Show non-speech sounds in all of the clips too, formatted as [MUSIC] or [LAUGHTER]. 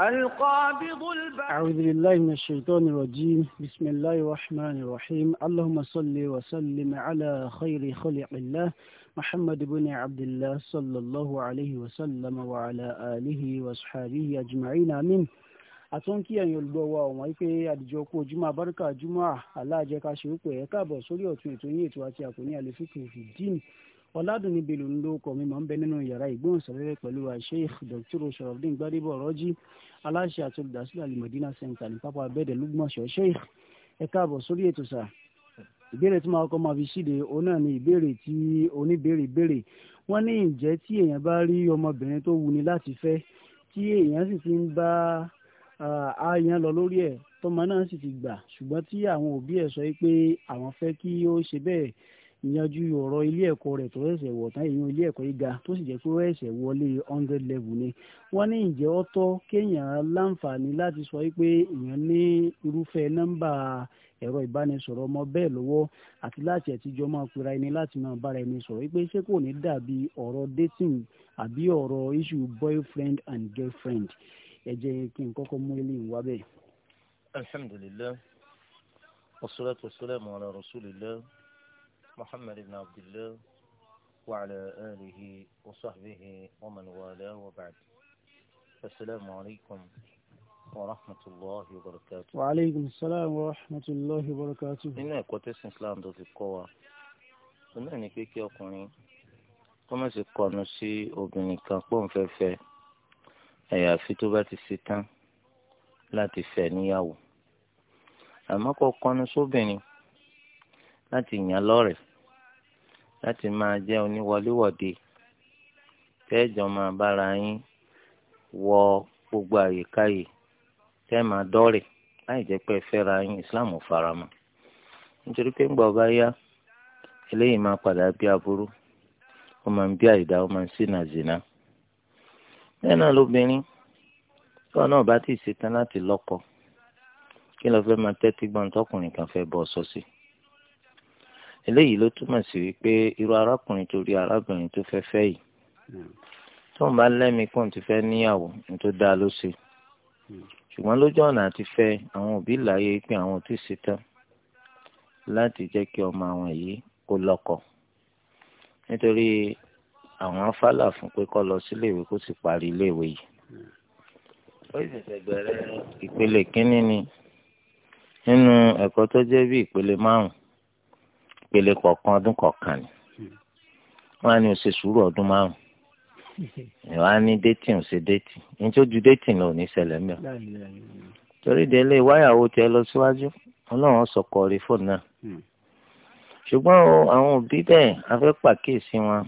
أعوذ بالله من الشيطان الرجيم بسم الله الرحمن الرحيم اللهم صل وسلم على خير خلق الله محمد بن عبد الله صلى الله عليه وسلم وعلى آله وصحبه أجمعين آمين àtúnkí ẹ̀yin olùgbọ́ wa ọ̀wọ́n wípé àdìjọ kú ojúmọ́ abárúkà júmọ́ aláàjẹká ṣe é pé ẹ̀ sórí ọ̀tún ètò yín ètò àti àkóní àlefíkè fìdíìnì ọ̀làdùnní bèlò ń lo ọkọ̀ mi máa ń bẹ nínú yàrá ìgbóhùnsọ̀rẹ́rẹ́ pẹ̀lú Sheikh Dr. sọ̀rọ̀dín gbadébọ̀ rọ́jí aláṣẹ àti olùdásílẹ̀ alimọ̀dínà center ní pápá abẹ́ẹ̀dẹ̀ lùgbọ̀nsọ̀ Sheikh ẹ káàbọ̀ sórí ètò sà ìbéèrè tí màá kọ́ máa fi ṣíde òun ni ìbéèrè tí oníbéèrè béèrè wọ́n ní ǹjẹ́ tí èèyàn bá rí ọmọbìnrin tó wuni láti fẹ́ tí èèyàn sì ti ń bá ààyàn lọ lórí ẹ̀ tọmọ náà sì ti gbà ṣùgbọ́n tí àwọn òbí ẹ̀ sọ pé àwọn fẹ́ kí ó ṣe bẹ́ẹ̀ ìyanjú ọ̀rọ̀ ilé ẹ̀kọ́ rẹ̀ tó ẹ̀sẹ̀ wọ̀ tán èèyàn ilé ẹ̀kọ́ gíga tó sì jẹ́ pé ó ẹ̀sẹ̀ wọlé hundred level ni wọ́n ní ìjẹ́ ọ̀tọ̀ kéèyàn láǹfààní láti sọ wípé èèyàn ní irúfẹ́ nọ́mbà ẹ̀rọ ìbánisọ̀rọ̀ ọmọ bẹ́ẹ̀ lọ́wọ́ àti láti ẹ̀tíjọ́ máa pera ẹni láti máa bára ẹni sọ̀rọ̀ wípé ṣé kò ní dàbí ọ̀rọ̀ dating àbí ọ̀rọ̀ issue boyfriend and girlfriend ẹ jẹ́ kí n kọ́kọ́ mú eléyìí wá bẹ́ẹ̀. alhamdulilayi wasalaatu wasalaamu ala rasulillah محمد بن عبد الله وعلى آله وصحبه ومن والاه وبعد السلام عليكم ورحمة الله وبركاته وعليكم السلام ورحمة الله وبركاته nínú ẹ̀kọ́ tẹ́sán islam tó ti kọ́ wa òun náà ní pé kí ọkùnrin kó má ṣe kọnu sí obìnrin kan pọ̀ nfẹ́fẹ́ àyàfi tó bá ti ṣe tán láti fẹ́ níyàwó àmọ́ kó kọnu sóbìnrin láti yàn lọ́rẹ̀ẹ́ láti máa jẹ́ oníwọléwọ̀de tẹ́ẹ̀jọ máa bára yín wọ gbogbo àyíká yìí tẹ́ẹ̀ máa dọ́rẹ̀ láì jẹ́ pé fẹ́ra yín Islam faramọ́ nítorí pé ńgbà ọba yá eléyìí máa padà bí aburú ó máa ń bí àìdá ó máa ń sínà zìnà bẹ́ẹ̀ náà lóbìnrin tọ́ náà bá ti ṣetán láti lọ́kọ kí ló fẹ́ máa tẹ́tí gbọ́n eléyìí ló túmọ̀ sí wípé irú arákùnrin tó rí arábìnrin tó fẹ́ fẹ́ yìí tó ń bá lẹ́mìí pọ̀ ti fẹ́ níyàwó ní tó dáa ló ṣe ṣùgbọ́n lójú ọ̀nà àti fẹ́ àwọn òbí láyé pé àwọn ò tí ì ṣetán láti jẹ́ kí ọmọ àwọn yìí kó lọ́kọ nítorí àwọn afálà fún pé kó lọ síléèwé kó sì parí iléèwé yìí ó sì ṣẹ̀gbẹ̀rẹ̀ ìpele kínní ni nínú ẹ̀kọ́ tó jẹ́ bí ìpele márùn-ún ìpele kọ̀ọ̀kan ọdún kọ̀ọ̀kan ni wọ́n á ní oṣù sùúrù ọdún márùn [LAUGHS] ìwà ní déètì ń ṣe déètì ní tó ju déètì lọ ní ṣẹlẹ̀ mẹ torí délé wáyàwó tẹ lọ síwájú Ọlọ́run sọkọ rí fóònù náà hmm. ṣùgbọ́n àwọn òbí bẹ́ẹ̀ afẹ́ pàkíyèsí wọn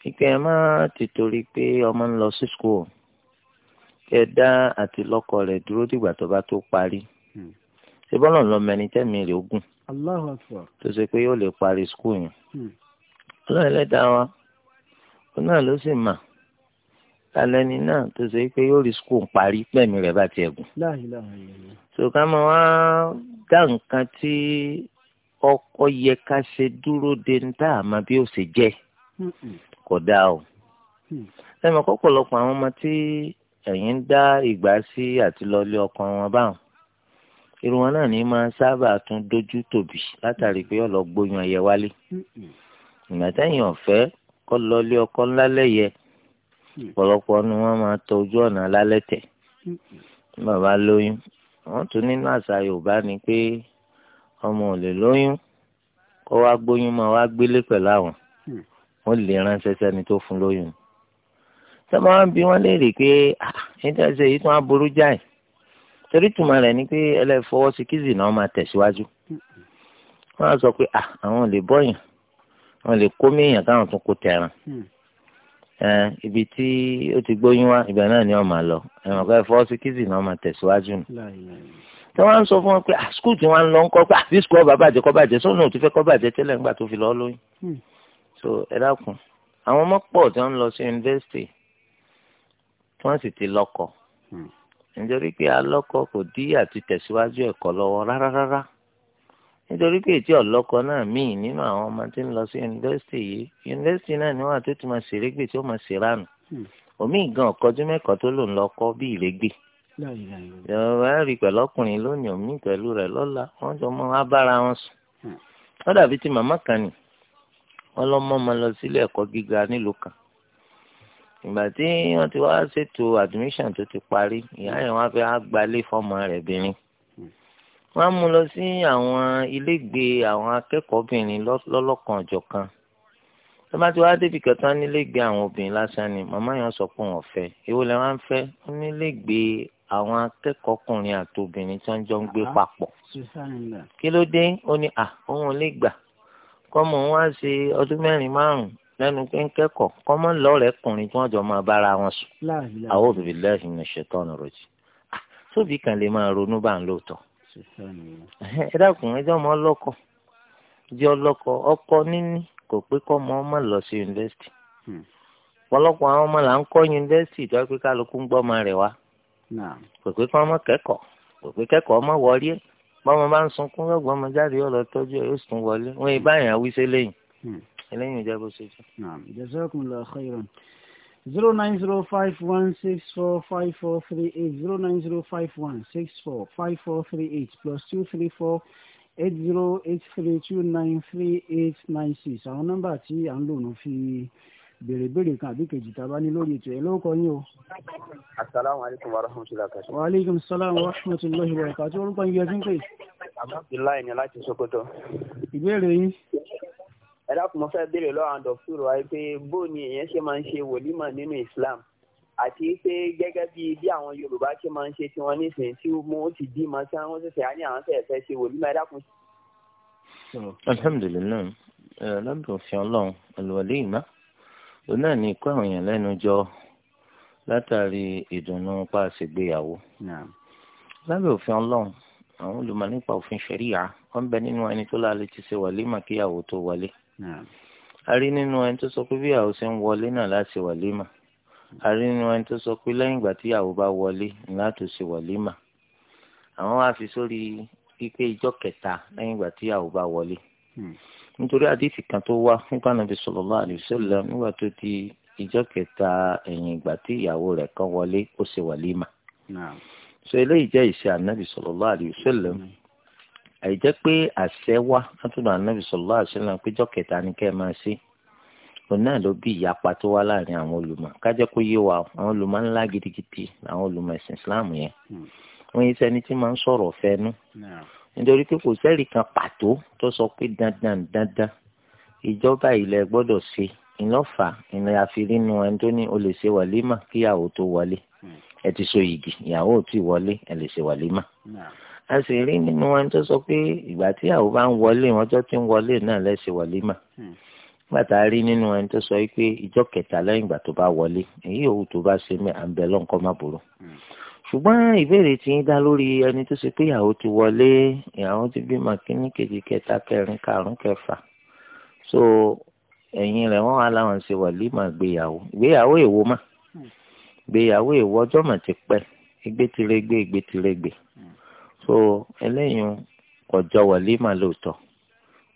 kíkẹ́ ẹ má ti torí pé ọmọ ń lọ sí school kẹ dá àti lọ́kọ rẹ̀ dúró dìgbà tó bá tó parí hmm. ṣé bọ́lọ̀ lọ mẹni tẹ́mi rè ogún Allahu Akbar. tó ṣe pé yóò lè parí skul yẹn. Hmm. ọlọ́run ẹlẹ́dàá wa òun náà ló sì mà talẹ́ni náà tó ṣe pé yóò rí skul parí pẹ̀mí rẹ̀ bá tiẹ̀ gùn. tó ká mọ wá dá nǹkan tí ọkọ yẹ ká ṣe dúró de ń tá àmọ́ bí ó ṣe jẹ́ kò dáa o. Hmm. ẹ mọ̀ kọ́pọ̀lọpọ̀ àwọn ọmọ tí ẹ̀yin ń dá ìgbà sí àti lọ́ọ́lé ọkọ wọn báwọn irun wọn náà ní máa sábà tún dojú tòbí látàrí pé ọlọ gbóyún ẹyẹ wálé ìgbà ọ̀fẹ́ kọ́ lọlé ọkọ ńlá lẹ́yẹ ọ̀pọ̀lọpọ̀ ni wọ́n máa tọ ojú ọ̀nà lálẹ́ tẹ̀ bàbá lóyún wọ́n tún nínú àṣà Yorùbá ni pé ọmọ ò lè lóyún kó wá gbóyún máa wá gbélé pẹ̀lú àwọn wọ́n lè ránṣẹ́ sẹ́ni tó fún lóyún. sọ́mọ́ wọn bí wọ́n léèrè pé ah, nítorí ṣe èyí tó wọ́n aburú jáì torí tùmọ̀ rẹ̀ ni pé ẹlẹ́fọwọ́sí kí zina máa tẹ̀síwájú wọ́n á sọ pé ah, àwọn lè bọ́yàn àwọn lè kó méèyàn káwọn tún kó tẹran hmm. ibi tí ó ti gbóyún wá ibẹ̀ náà ni wọ́n máa lọ ẹ̀wọ̀n ká ẹfọwọ́sí kí zina máa tẹ̀síwájú nù tí wọ́n á sọ fún wọn pé ah, skul tí wọ́n á lọ ń kọ́ pé àbí skul ọba bàjẹ́ kọ́ bàjẹ́ sóun náà ti fẹ́ kọ́ bàjẹ́ tẹ́lẹ̀ ńgbà tó fi lọ́ọ́ lóyún hmm. so ẹ dákun àwọn ọmọ pọ̀ tí wọ́n lọ sí yunifásitì tí wọ́n sì ti lọ́kọ̀ọ́ hmm. nítorí pé alọ́kọ kò dí àti tẹ̀síwájú ẹ̀kọ́ lọ́wọ́ rárá rárá nítorí pé ètí ọlọ́kọ náà míì nínú àwọn ọmọ tí ń lọ sí yunifásitì yìí yunifásitì náà ni wọn àti ti máa ṣèrégbè tí hmm. omi gan ọkọjú mẹ́kọ̀ọ́ tó lò lọ kọ́ bí ìrégbè rí omi pẹ̀lú rẹ̀ lọ́la wọ́n jọ mọ́ abára wọn sùn wọ́n hmm. dàbí ti màmá kan wọ́n lọ mọ́ ọmọ lọ sílé kan ìgbà tí wọ́n ti wá ṣètò admission tó ti parí ìyá yẹn wá fẹ́ á gbalé fọ́mọ rẹ̀ bìnrin wọ́n á mú lọ sí àwọn ilégbèé àwọn akẹ́kọ̀ọ́bìnrin lọ́lọ́kan ọ̀jọ̀kan tó bá ti wá débi kẹta nílégbèé àwọn obìnrin lásán ni màmá yẹn sọ pé wọ́n fẹ́ èwo lẹ wá ń fẹ́ nílégbèé àwọn akẹ́kọ̀ọ́kùnrin àti obìnrin tó ń jọ ń gbé ah, papọ̀ kí ló dé ó ní à òun ò lè gbà kọ́mọ òun wá ṣe ọdún mẹ́rin márùn-ún lẹ́nu pé ń kẹ́kọ̀ọ́ kọ́mọ́ lọ́rẹ̀ẹ́ kùnrin tí wọ́n jọ máa bára wọn sùn a'udhu billahi minash shaitani rajim ah, sóbì kan lè máa ronú bá ń lóòótọ́ ẹ dákun ẹjọ́ ọmọ ọlọkọ ọkọ níní kò pé kọ́ ọmọ ọmọ lọ sí yunifásitì hmm. ọ̀pọ̀lọpọ̀ àwọn ọmọ là ń kọ́ yunifásitì tó pé kálukú ń ọmọ wá kò pé kọ ọmọ kò pé ọmọ wọlé bá ń sunkún jáde yóò lọ yóò sùn wọlé eléyìí ò jẹ́ bó ṣe jẹ́. jazakumullahu khairan zero nine zero five one six four five four three eight zero nine zero five one six four five four three eight plus two three four eight zero eight three two nine three eight nine six àwọn nọ́mbà tí à ń lò ló fi béèrè béèrè kan àbí kejì tá a bá ní lórí ètò ẹ lóko yín o. asalaamualeykum wa rahmatulahi wa barakatuh. waaleykum salaam wa rahmatulahi wa barakatuh. àti orúkọ yín yẹn ti ń ni láti sokoto. ìbéèrè yín ẹ dákun mo fẹ́ béèrè lọ́wọ́ àwọn dọ̀kítọ̀rọ̀ wa pé bó ni èèyàn ṣe máa ń ṣe wòlímọ̀ nínú Islam àti pé gẹ́gẹ́ bí bí àwọn Yorùbá ṣe máa ń ṣe tiwọn nísìnyí tí mo ti bímọ tí wọ́n ṣẹ̀ṣẹ̀ á ní àwọn fẹ́ẹ̀ fẹ́ ṣe wòlímọ̀ ẹ dákun. alhamdulilayi lábẹ́ òfin ọlọ́run àlùwalẹ́ ìmá òun náà ní ikú àwọn èèyàn lẹ́nu jọ látàrí ìdùnnú pa àṣègbéyàwó lábẹ́ òfin ọlọ́run àwọn olùmọ̀ nípa òfin ṣẹ̀ríyà wọ́n bẹ nínú ẹni tó láàlẹ́ ti ṣe wàlímà kíyàwó tó wọlé a rí nínú ẹni tó sọ pé bí ìyàwó ṣe ń wọlé náà láti wàlímà a rí nínú ẹni tó sọ pé lẹ́yìn ìgbà tí ìyàwó bá wọlé láti ṣe wàlímà àwọn wá fi sórí pípé ìjọ kẹta lẹ́yìn ìgbà tí ìyàwó bá wọlé hmm. nítorí àdìsí kan tó wá nípa nàbí sallallahu alaihi wasallam nígbà tó di ìjọ kẹta ẹ̀yìn ìgbà tí ìyàwó rẹ̀ kan wọlé ó ṣe wàlímà so eléyìí jẹ́ ìṣe ànábì sallallahu alaihi wasallam hmm àìjẹ́ pé àṣẹ wá látọ̀dọ̀ ànábì sallallahu alaihi péjọ kẹta ni kẹ́ ẹ máa ṣe òun náà ló bí ìyapa tó wá láàrin àwọn olùmọ̀ kájẹ́ kó yé wa àwọn olùmọ̀ ńlá gidigidi àwọn olùmọ̀ ẹ̀sìn islam yẹn hmm. wọ́n yẹ sẹ́ni tí máa ń sọ̀rọ̀ fẹ́nu nítorí pé kò sẹ́rì kan pàtó tó sọ pé dandan dandan ìjọba ilẹ̀ gbọ́dọ̀ ṣe ìlọ́fà ìlẹ̀ àfirínú ẹni tó ní o lè ṣe wàlímà kíyàwó tó wọlé hmm. ẹ ti so yìgì ìyàwó ò tí wọlé ẹ lè ṣe wàlímà a sì rí nínú wọn tó sọ pé ìgbà tí àwọn bá ń wọlé wọn tó ti ń wọlé náà lẹ́sẹ̀ wọlé mà hmm. gbàtà rí nínú wọn tó sọ pé ìjọ kẹta lẹ́yìn ìgbà tó bá wọlé èyí òwú tó bá ṣe mẹ́ à ń bẹ lọ́nkọ́ má burú hmm. ṣùgbọ́n ìbéèrè tí ń dá lórí ẹni tó ṣe pé ìyàwó ti wọlé ìyàwó ti bímọ kínní kejì kẹta kẹrin karùn kẹfà so ẹ̀yìn rẹ̀ wọ́n wá láwọn ṣe wọlé mà gbéyàwó ìgbéyàwó èwo mà hmm. gbéyàwó èwo ọjọ́ mà ti pẹ́ ìgbétirégbé ìgbétirégbé. Mm so eléyìí kọjọ wàlímà lóòótọ́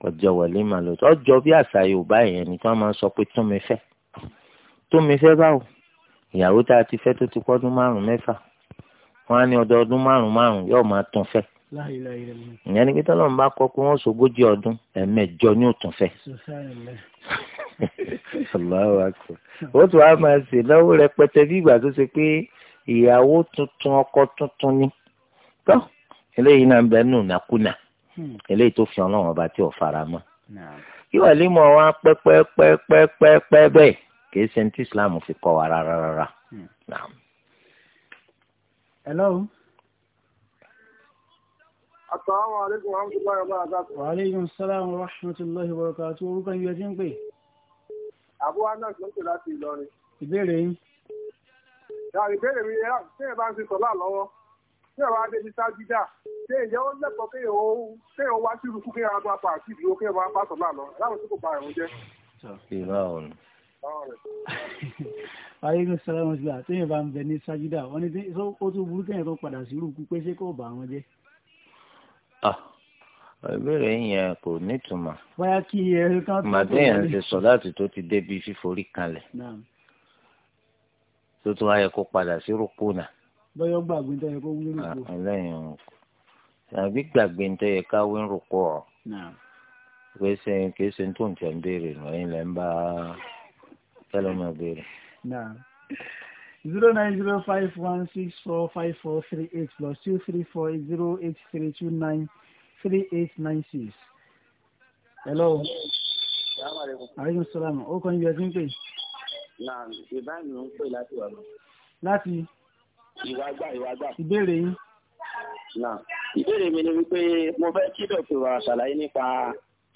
kọjọ wàlímà lóòótọ́ ọjọ́ bí àṣà yorùbá yẹn ni tí wọ́n máa ń sọ pé tún mi fẹ́ tún mi fẹ́ báwo ìyàwó tá a ti fẹ́ tó ti pọ́dún márùn mẹ́fà wọ́n á ní ọdọọdún márùn márùn yóò máa tún fẹ́ ìyẹn ni pété ọlọ́run bá kọ́ pé wọ́n sògójì ọdún ẹ̀ẹ̀mẹjọ ni ó tún fẹ́. ó tún á máa ṣe náwó rẹpẹtẹ bí ìgbà tó ṣe pé ìyàwó tuntun ọkọ tuntun ni eléyìí náà ń bẹ nù nàkúnà hmm. eléyìí tó fi ọlọ́run ọba tí ò fara mọ́. kí wàá lè mọ wá pẹ́pẹ́pẹ́pẹ́pẹ́ bẹ́ẹ̀ kì í ṣe ní tí islam fi kọ́ wa rárá rárá. Hmm. hello. asalaamualeykum wa rahmatulahi wa barakatuh. wa aleykum salaam wa rahmatulahi wa barakatuh orúkọ ibi ẹtí ń pè. àbúrò anas ló ń pè láti Ìlọrin. ìbéèrè yín. ìbéèrè mi yẹn ṣé ẹ bá ń fi sọ́lá lọ́wọ́ tí ẹ̀ wá débi sájúdà ṣé ìyẹn ó lẹ́kọ̀ọ́ pé ó ṣé ó wá sí irúkú kéèyàn wá pa àti ìdúró kéèyàn wá pa sọ̀lá lọ láwọn tí kò pa ẹ̀rùn jẹ́. ìlà ọ̀nà. ayélujára sọlá wọn síbi àtẹ̀yìn bá ń bẹ ní sájúdà wọn ni ó tún burú kéèyàn tó padà sí irúkú pé ṣé kò bá wọn jẹ́. ìbéèrè yẹn kò nítumọ̀. màdéyàn ti sọ láti tó ti débi fíforí kanlẹ̀ tó tún ayẹ kó padà sí rúkú náà bọ́yọ̀ gbàgbé tó yẹ kó wí rúkọ. Ah, ẹlẹ́yìn o tàbí gbàgbé tó yẹ ká wí rúkọ ọ. kìí ṣe kìí ṣe tó ń tẹ̀ ń béèrè nù ẹ̀yin lẹ́ ń bá tẹ́lẹ̀mọ̀ béèrè. zero nine zero five one six four five four three eight plus two three four zero eight three two nine three eight nine six. hello. aleykum salaam o kàn yẹ kí n pè. na ìbáraẹni ń pè láti wà lọ. láti ìwàgbà ìwàgbà. ìbéèrè yín. ìbéèrè mi ni wípé mo fẹ́ kí dọ̀tí wa ṣàlàyé nípa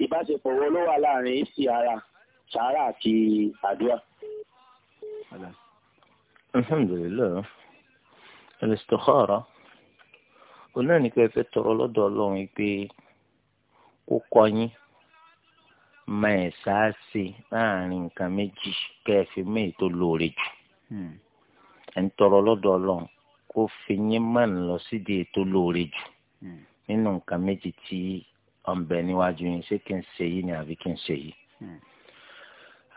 ìbáṣepọ̀ wo ló wà láàrin ìsì ara sàárà àti àdúrà. alhamdulilayi alistokhara o náà ní pé ẹ fẹ́ tọrọ lọ́dọ̀ ọlọ́run pé kó kọ́ yín máa ẹ̀ sáà ṣe láàrin nǹkan méjì kẹ́ ẹ fi méjì tó lóore jù. Hmm ẹ̀ ń tọrọ lọ́dọ̀ ọlọ́run kó fi yín mọ̀ ń lọ sídìí ètò lóore jù hmm. nínú nǹkan méjì tí ọ̀nbẹ níwájú yín ṣé kí n ṣe yìí ni àbí kí n ṣe yìí. Hmm.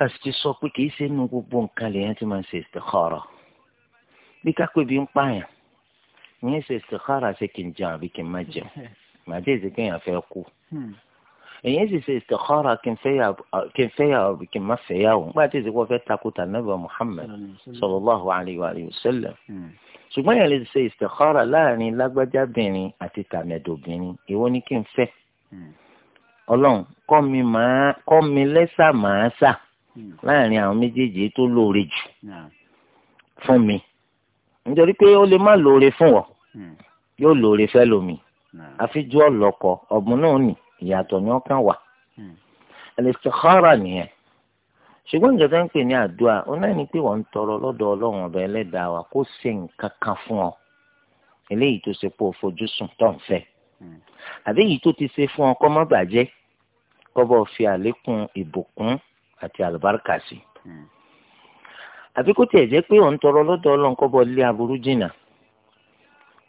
a sì ti sọ pé kì í ṣe inú gbogbo nǹkan lèèyàn ti máa ṣe istikhara bí kápẹ́ bí ń pààyàn ìyẹn ṣe istikhara ṣé kí n jẹun àbí kí n má jẹun [LAUGHS] màdé ìṣèkéyàn fẹ́ kú hmm èyàn sì ṣe istikhara kí n fẹ́yàwó àbí kí n má fẹ́yàwó nígbà tí ìsìnkú fẹ́ takùtà nàbà Muhammad sallallahu alayhi wa sallam hmm. ṣùgbọ́n yẹn lè ṣe istikhara láàrin lágbájábìnrin àti tàmẹ̀dòbìnrin èwo ni kí n fẹ́ hmm. ọlọ́run kọ́ mi lẹ́sà máa sà hmm. láàrin àwọn méjèèjì tó lóore jù fún mi nítorí pé ó lè má lóore fún ọ yóò lóore fẹ́ lómi àfi ju ọlọ́kọ ọ̀gbun náà nì ìyàtọ̀ ni ọkàn wà hmm. al nìyẹn ṣùgbọ́n nǹkan tó ń pè ní àdúrà ó náà ní pé wọ́n ń tọrọ lọ́dọ̀ ọlọ́run ọba ẹlẹ́dàá wa kó ṣe nǹkan kan fún ọ eléyìí tó ṣe pé o fojú sùn tó ń fẹ́ hmm. àbí èyí tó ti ṣe fún ọ kó má bàjẹ́ kó bọ́ fi àlékún ìbùkún àti àlùbáríkà sí hmm. àbí kó tiẹ̀ jẹ́ pé òun tọrọ lọ́dọ̀ ọlọ́run kó lé aburú jìnnà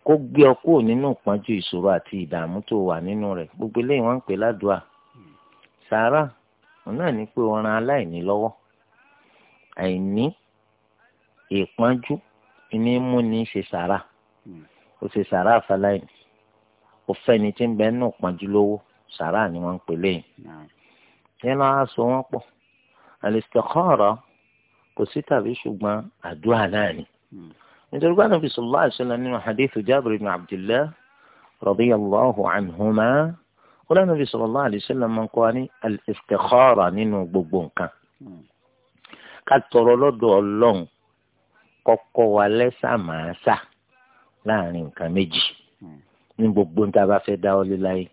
kó gbé ọ kúrò nínú ìpọ́njú ìṣòro àti ìdààmú tó wà nínú rẹ̀ gbogbo eléyìí wọ́n ń pè ládùúà sàárà òun náà ní pé ó ran aláìní lọ́wọ́ àìní ìpọ́njú ìní mú ní ṣe sàárà ó ṣe sàárà àfàláìní ó fẹ́ni tí ń bẹ nínú ìpọ́njú lówó sàárà ni wọ́n ń pè lẹ́yìn yẹn lọ́wọ́ aṣọ wọn pọ̀ al-istikhara kò sí tàbí ṣùgbọ́n àdúrà náà ni nítorí pé Ànábì sallallahu alaihi wasallam nínú hadith Jabir ibn Abdullah radiyallahu anhuma ó lẹ́nu Ànábì sallallahu alaihi wasallam máa ń kọ́ ní al-istikhara nínú gbogbo nǹkan ká tọrọ lọ́dọ̀ Ọlọ́run kọ́kọ́ wa lẹ́sà máa sà láàrin nǹkan méjì ní gbogbo níta bá fẹ́ dáwọ́ lé láyé.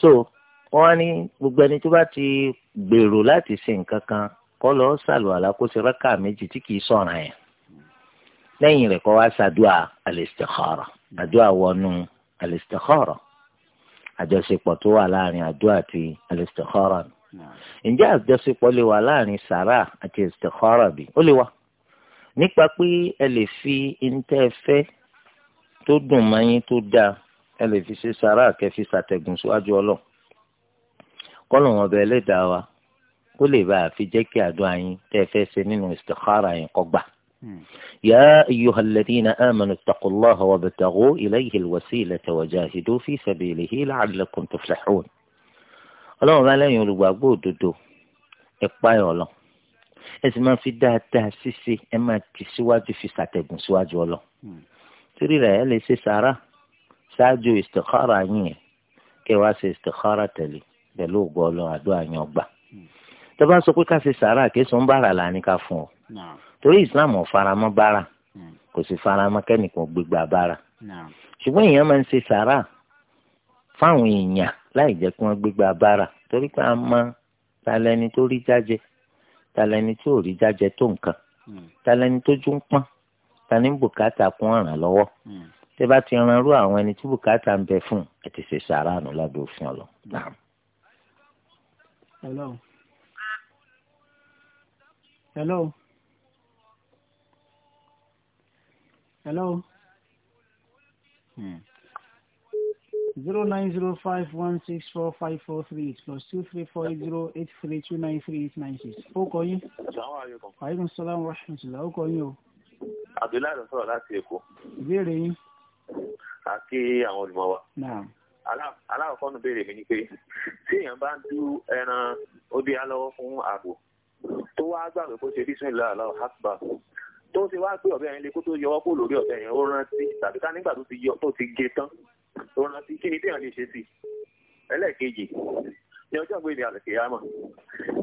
so wọ́n á ní gbogbo ẹni tó bá ti gbèrò láti ṣe nǹkan kan kọ́ lọ́ọ́ sàlùwàlà kó ṣe rákà méjì tí kì í sọ̀ràn yẹn lẹ́yìn rẹ̀ kọ́ wá ṣàdúà al-istikhara àdúà wọnú al-istikhara àjọṣepọ̀ tó wà láàrin àdúà àti al-istikhara ni ǹjẹ́ àjọṣepọ̀ lè wà láàrin sàrà àti istikhara bí ó lè wà nípa pé ẹ lè fi ntẹ́ fẹ́ tó dùn mọ́yìn tó dáa ẹ lè fi ṣe sàrà kẹfì ṣàtẹ̀gùn síwájú ọlọ́run kọ́lọ̀ wọn bẹ ẹlẹ́dàá wa kó lè bá a fi jẹ́ kí àdúà yín tẹ́ fẹ́ ṣe nínú istikhara yẹn kó gbà. Hmm. يا أيها الذين آمنوا اتقوا الله وابتغوا إليه الوسيلة وجاهدوا في سبيله لعلكم تفلحون ọlọ́run bá lẹ́yìn olùgbàgbọ́ òdodo ẹ páyà ọlọ ẹ sì máa fi dáadáa ṣíṣe ẹ máa ti síwájú fi ṣàtẹ̀gùn síwájú ọlọ hmm. torí rẹ̀ ẹ lè ṣe sàárà ṣáájú istikhara yín yẹn kẹ wá ṣe istikhara tẹ̀lé pẹ̀lú ògbọ́ ọlọ́run àdúrà yín ọgbà hmm. tó bá sọ pé ká ṣe sàárà kí sọ ń bára là ní ká fún ọ torí islam ò faramọ́ bára hmm. kò sì faramọ́ kẹ́nìkan gbégbá bára ṣùgbọ́n èèyàn máa ń ṣe sàrà fáwọn èèyàn láì jẹ́ kí wọ́n gbégbá bára torí pé a mọ talẹni tó rí jájẹ talẹni tó rí jájẹ tó nǹkan hmm. talẹni tó jú ń pọ́n tani bùkátà kún ọ̀ràn lọ́wọ́ hmm. tẹ bá ti ran irú àwọn ẹni tí bùkátà ń bẹ fún ẹ ti ṣe sàrà nù lábẹ́ òfin ọ̀lọ́. hello hello. hello. Hmm. Zero nine zero five one six four five four three eight plus two three four eight zero eight three two nine three eight nine six. Ó kọ yín. Aleykum salaam wa rahmatulah. Ó kọ yín o. Abdullahi ló sọ̀rọ̀ láti Èkó. Ìbéèrè yín. A kí àwọn olùmọ̀ wa. Aláàkọ́ nu béèrè mi ni pé tí èèyàn bá ń dú ẹran ó bí alọ́wọ́ fún ààbò tó wá gbàgbé kó ṣe bísí ìlú àlọ́ àkùbà tó ṣe wá pé ọ̀bẹ yẹn lè kó tó yọwọ́ kó lórí ọ̀bẹ yẹn ó rántí tàbí ká nígbà tó ti yọ tó ti gé tán ó rántí kí ni téèyàn lè ṣe sí ẹlẹ́ẹ̀kejì ní ọjọ́ ìgbé ìdí àlùkè yàmọ̀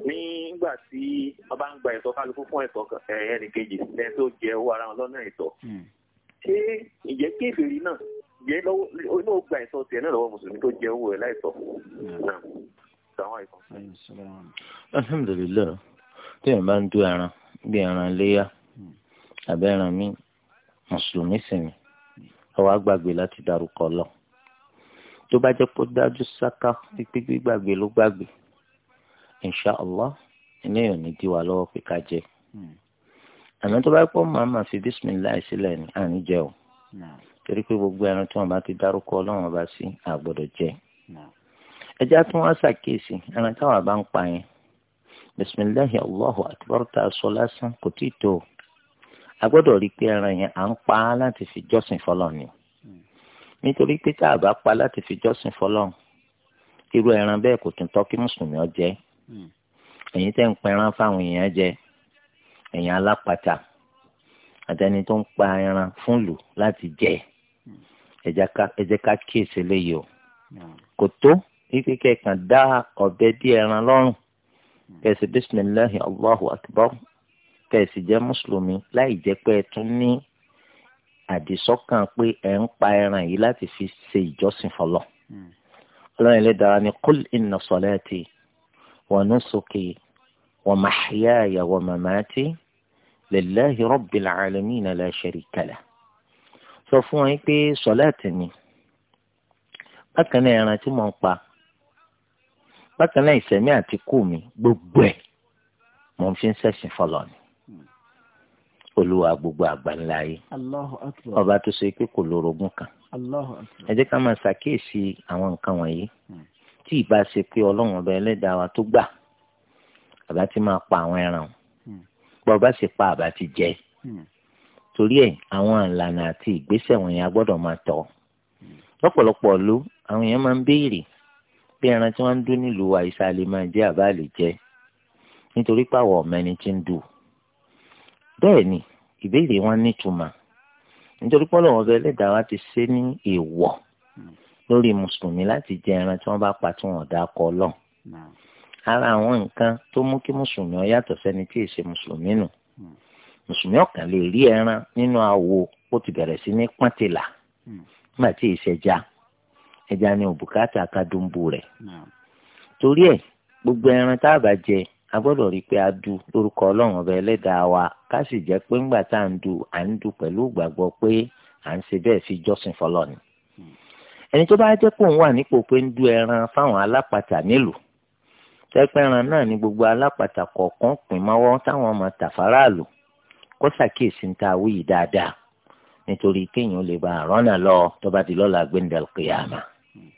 nígbà tí wọ́n bá ń gba ẹ̀tọ́ kálukú fún ẹ̀tọ́ ẹnìkejì lẹ́yìn tó jẹ owó ara wọn lọ́nà ẹ̀tọ́ hmm. ṣé ìjẹ́ kéferì náà jẹ́ lọ́wọ́ inú gba ẹ̀tọ́ tiẹ̀ náà lọ́wọ́ mùsùlùmí tó jẹ owó rẹ̀ láìtọ́ hmm. náà sàwọn alhamdulilayi tí èèyàn bá ń dún ẹran bí ẹran léyà abẹ́ràn mi mùsùlùmí sì ni ọwọ́ àgbàgbé láti dárúkọ lọ tó bá jẹ́ pé dájú sáká pípé gbígbàgbé ló gbàgbé insha allah eléyìí ò ní dí wa lọ́wọ́ pé ká jẹ àmọ́ tó bá pọ̀ màmá fi bísímìláì sílẹ̀ ní àní jẹ́ o torí pé gbogbo ẹran tí wọ́n bá ti dárúkọ ọlọ́run ọba sí àgbọ́dọ̀ jẹ ẹja tí wọ́n ṣàkíyèsí ẹran táwọn bá ń pa yẹn bísímìláì allahu akbar tá sọ lásán kò tí ì tó o. a gbọ́dọ̀ rí i pé ẹran yẹn à ń pa á láti fi jọ́sìn fọlọ́ ni hmm. nítorí pé tá a bá pa láti fi jọ́sìn fọlọ́ irú ẹran bẹ́ẹ̀ kò tún tọ́ kí mùsùlùmí ọ jẹ hmm. ẹ̀yin tẹ́ ń pa ẹran fáwọn èèyàn jẹ ẹ̀yin alápatà àtẹni tó ń pa ẹran fún lù láti jẹ hmm. ẹ jẹ́ ká kíyèsí léyìí o kò tó wípé kẹ̀kan dá ọ̀bẹ bí ẹran lọ́rùn kẹsì bisimilahi allahu akbar kẹ̀sì jẹ́ mùsùlùmí láì jẹ́ pé ẹ tún ní àdìsọ́kàn pé ẹ̀ ń pa ẹran yìí láti fi ṣe ìjọsìn fọlọ́ hmm. ọlọ́run ẹlẹ́dàá ni kúl inna salati wa nusuki wa mahyaya wa mamati lillahi rabbil alamin la sharika lah sọ fún wọn pé sọláàtì ni bákan náà ẹran tí mò ń pa bákan náà ìsẹ̀mí àti kù mi gbogbo ẹ̀ mò fi ń ṣẹ̀sìn fọlọ́ ni olúwa gbogbo àgbáńlá yìí ọba tó ṣe pé kò lórogún kan ẹ jẹ́ ká máa ṣàkíyèsí àwọn nǹkan wọ̀nyí hmm. tí ìbá ṣe pé ọlọ́run ọba ẹlẹ́dàá wa tó gbà àbá ti máa pa àwọn ẹran pé ọba sì pa àbá ti jẹ hmm. torí ẹ̀ àwọn ìlànà àti ìgbésẹ̀ wọ̀nyí a gbọ́dọ̀ máa tọ̀ hmm. lọ́pọ̀lọpọ̀ ló àwọn èèyàn máa ń béèrè bí ẹran tí wọ́n ń dún nílùú àìsàn lè máa jẹ́ àbá lè jẹ nítorí pàwọ̀ ọ̀mẹ́ni ti ń dùn bẹ́ẹ̀ ni ìbéèrè wọn nítumọ̀ nítorí pọ́lọ̀ wọn bẹ lẹ́dàá wa ti ṣe ní èèwọ̀ lórí mùsùlùmí láti jẹ ẹran tí wọ́n bá pa tí wọ́n dá kọ lọ. ara àwọn nǹkan tó mú kí mùsùlùmí ó yàtọ̀ sẹ́ni tí èsè mùsùlùmí nù mùsùlùmí ọ̀kan lè rí ẹran nínú àwo ó ti bẹ̀rẹ̀ sí ní pọ́ntìlà nígbà tí èsè ẹja ẹja ni òbúkátà kadumbu rẹ̀ torí ẹ̀ gbogbo ẹran tá a bá jẹ a gbọ́dọ̀ rí i pé a du lórúkọ ọlọ́run ọba ẹlẹ́dàá wa ká sì jẹ́ pé ńgbà tá à ń du à ń du pẹ̀lú ìgbàgbọ́ pé à ń ṣe bẹ́ẹ̀ fi jọ́sìn fọlọ́ ni. ẹni tó bá jẹ́ pé òun wà nípò pé ń du ẹran fáwọn alápatà nílùú tẹ́pẹ́ ẹran náà ni gbogbo alápatà kọ̀ọ̀kan pín mọ́wọ́ táwọn ọmọ tàfàràlù kó ṣàkíyèsí ń ta àwíyí dáadáa nítorí kéèyàn lè ba àrọ́nà lọ tó bá di lọ́la gbẹ̀ndàlùkìyàmà hmm.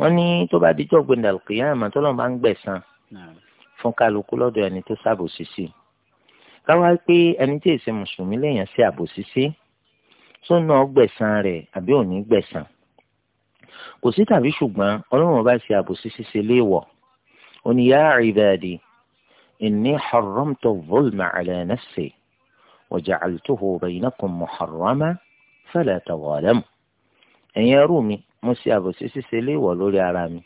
wọ́n ní tó bá dijọ́ gbẹ̀ndàlùkìyàmà tó lọ́n bá ń gbẹ̀san fún kálukú lọ́dọ̀ ẹni tó ṣàbòsí sí káwá pé ẹni tí èsì mùsùlùmí lèèyàn ṣe àbòsí sí tó ná gbẹ̀san rẹ̀ àbí ò ní gbẹ̀san kò sí tàbí ṣùgbọ́n ọlọ́run bá ṣe àbòsí ṣíṣe léèwọ̀ ó ní yá ibadi inni harramtu zulma ala nafsi wa ja'altuhu baynakum muharrama fala tawalamu ẹ̀yin ẹrú mi mo ṣe àbòsí ṣíṣe léèwọ̀ lórí ara mi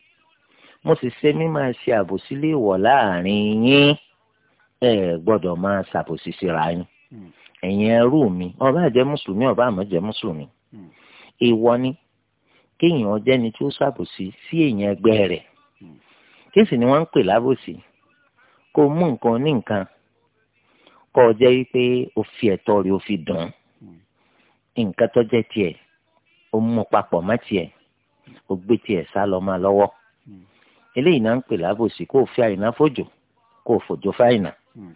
mo sì ṣe mí máa ṣe àbòsí léèwọ̀ láàrin yín ẹ gbọ́dọ̀ máa ṣàbòsí síra yín hmm. ẹ̀yin ẹrú mi ọba bá jẹ́ mùsùlùmí ó bá má jẹ́ mùsùlùmí hmm. ìwọ ni kéèyàn jẹ́ni tí ó ṣàbòsí sí èèyàn ẹgbẹ́ rẹ̀ hmm. kéèsì ni wọ́n ń pè lábòsí kó mú nǹkan ní nǹkan kó o jẹ́ wípé o fi ẹ̀tọ́ rẹ̀ o fi dùn nǹkan tó jẹ́ tiẹ̀ o mú papọ̀ má tiẹ̀ o gbé tiẹ̀ sá lọ máa lọ́wọ́. eléyìí náà ń pè lábòsí kó o fi àyìnà fòjò kó o fòjò fáyìnà hmm.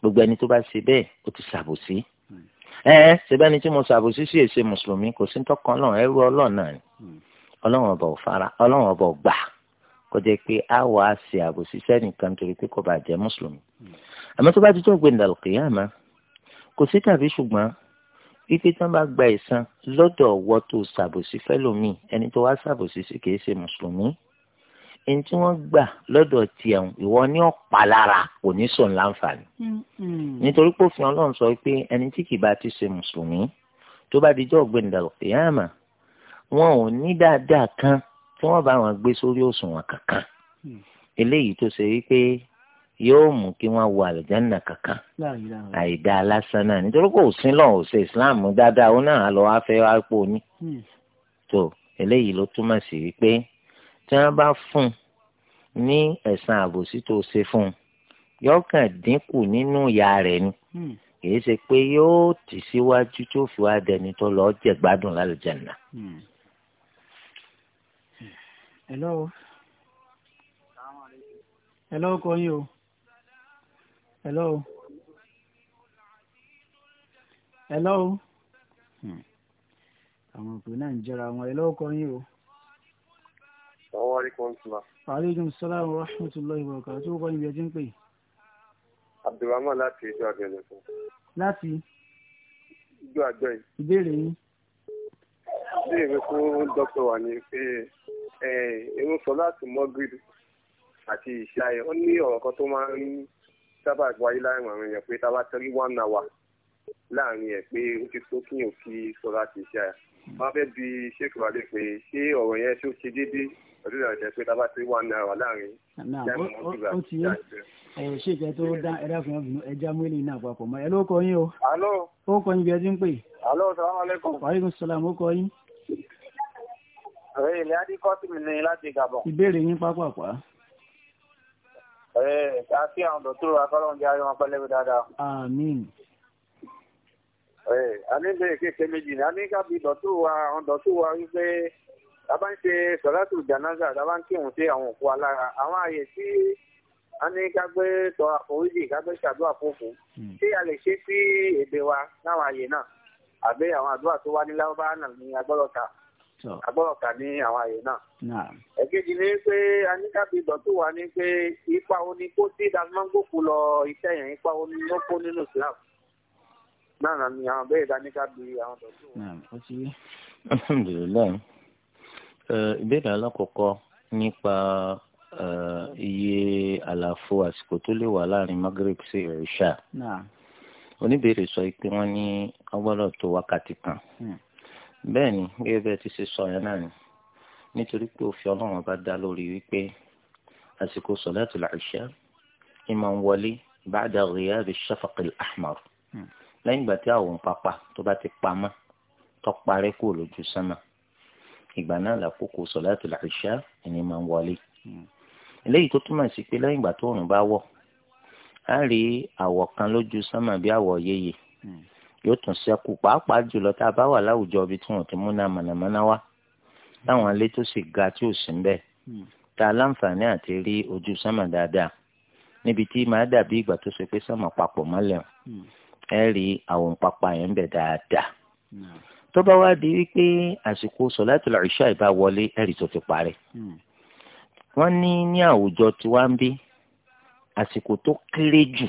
gbogbo ẹni tó bá ṣe bẹ́ẹ̀ ó ti ṣàbòsí hmm. ẹ ẹ ṣẹbẹ ni tí mo ṣàbòsí sí èsè mùsùlùmí kò sí tọkàn Ọlọ́run ẹrú Ọlọ́run náà ni hmm. Ọlọ́run ọba ò fara Ọlọ́run ọba ò gbà kó jẹ pé a wà á ṣe àbòsí sẹ́nìkan torí pé kò bá jẹ́ mùsùlùmí àmọ́ tó bá ti tó gbẹ̀ndàlùkìyàmá kò sí tàbí ṣùgbọ́n wípé tí wọ́n bá gba ìsan lọ́dọ̀ ọwọ́ tó ṣàbòsí fẹ́lòmíì ẹni tó wá ṣàbòsí sí kìí ṣe mùsùlùmí ẹni tí wọ́n gbà lọ́dọ̀ tiẹ̀ ìwọ ni ó pa lára kò ní sùn láǹfààní. nítorí pé òfin ọlọ́run sọ pé ẹni tí kìí bá ti ṣe mùsùlùmí tó bá dijọ́ gbẹ̀ndàlọ́ kìyàmà wọn ò ní dáadáa kan tí wọ́n bá wọn gbé sórí òṣùwọ̀n kankan. Mm. eléyìí tó ṣe wípé yóò mú kí wọ́n wọ àlùjánnà kankan àìdá lásán náà nítorí kò sí lọ́wọ́ ṣe islam dáadáa ó náà lọ́wọ́ afẹ́ wá pò ní. tó mm. eléyìí ló túmọ̀ sí wípé tí wọ́n bá fún un ní ẹ̀san àbòsí tó ṣe fún un yóò kàn dínkù nínú ìyà rẹ̀ ni hmm. kìí ṣe pé yóò tì síwájú tó fi wá dẹni tó lọ jẹ gbádùn lálùjánnà. Hmm. hello hello kò yín o hello hello hmm. àwọn òpin náà ń jẹra wọn hello kò yín o. Àwọn àríkùn ìsìlá. Àríkùn ìsìlá àwọn rahmatullahi wa barakatuh. Tí ó bá ibi ẹjí ń pè. Abdulrahman láti ìjọ àgbẹ̀lẹ̀ fún. Láti. Ìjọ àjọ yìí. Ìbéèrè yín. Ìbéèrè mi fún dókítà wa ni pé irun sọ láti Mọ́gírì àti ìṣáyẹ. Ó ní ọ̀rọ̀ kan tó máa ń sábà wáyé láàrin àwọn èèyàn pé tá a bá tẹ́rí one hour láàrin ẹ̀ pé ó ti tó kíyàn kí sọ láti ìṣáyẹ. Wọ́n fẹ́ bi ṣé kí wàá ṣé ọ̀rọ̀ yẹn tó ṣe déédéé pẹ̀lú ìrọ̀jẹ́ pé tábà sí one naira láàrin. ó ti yé ṣé ìfẹ́ tó dá ẹ̀dá fún ọ̀gbìn ẹja múlẹ̀ iná àpapọ̀ mọ́ ẹ ló kọ yín o. alo. ó kọ yín bí ẹ ti ń pè. alo salamaleykum. waaleykum salaam ó kọ yín. ọ̀rẹ́ ilé adé kọ́sìmì ni láti gabon. ìbéèrè yín pápápá. ẹ àti àwọn dọ̀tún akọ́lọ́ọ̀dé ayé wọn pẹ́lẹ́bí dáadáa. àmín. ẹ a ní bẹ́ẹ̀ kéèké méjì ni a ní ká bí dọ̀tún wa àwọn dọ̀tún wa wípé tábà se ṣe sọ̀rọ̀tù jànáza tábà ń kírun sí àwọn òkú alára àwọn àyè tí a ní kágbé tọ àforíjì kágbé ṣàdúrà fòfò tí hmm. a lè ṣe sí èdè wa láwọn àyè náà àbí àwọn àdúrà tó wá ní lábá náà ní agbọ́dọ̀ta agbọ́dọ̀ta ní àwọn àyè náà. ẹ̀kejì ni pé a ní kábí ìdọ̀tú wa ní pé ipa oní kó tí dasmangókù lọ iṣẹ́ yẹn ipa oní ló kó nínú Islam náà ni àwọn bẹ́ẹ̀ dání kábí àwọn ìdọ̀tú wa ìbéèrè alákọ̀ọ́kọ́ nípa iye àlàfo àsìkò tó lè wà láàrin Maghrib sí ìrìṣà oníbèrè sọ pé wọ́n ní ọgbọ́dọ̀ tó wákàtí kan hmm. bẹ́ẹ̀ ni gẹ́gẹ́ bẹ́ẹ̀ ti ṣe sọ yẹn náà ni nítorí pé òfin ọlọ́run bá dá lórí wípé àsìkò sọ̀láàtì làṣẹ ìmọ̀ ń wọlé ba'da ghiyab ash-shafaq al hmm. lẹ́yìn ìgbà tí àwọn pápá tó bá ti pamọ́ tó kúrò lójú sánmà ìgbà náà làkókò sọ̀láàtì làṣà ẹni máa ń wọlé. Hmm. eléyìí tó túmọ̀ sí pé lẹ́yìn ìgbà tó òrùn bá wọ̀ á rí àwọ̀ kan lójú sánmà bí àwọ̀ yeye hmm. yóò tún ṣẹ́kù pàápàá jùlọ tá a bá wà láwùjọ ibi tí wọ́n ti mú náà mànàmáná wá láwọn ilé tó sì ga tí ò sí ń bẹ́ẹ̀ hmm. tá láǹfààní àti rí ojú sánmà dáadáa níbi tí màá dàbí ìgbà tó ṣe pé sánmà papọ̀ mọ́lẹ̀ ẹ rí àwọn pápá yẹn ń bẹ dáadáa tó bá wá di wípé àsìkò sọ̀látùl ìṣà ìbá wọlé ẹ̀rì tó ti parẹ́ hmm. wọ́n ní ní àwùjọ tí wá ń bí àsìkò tó kéré jù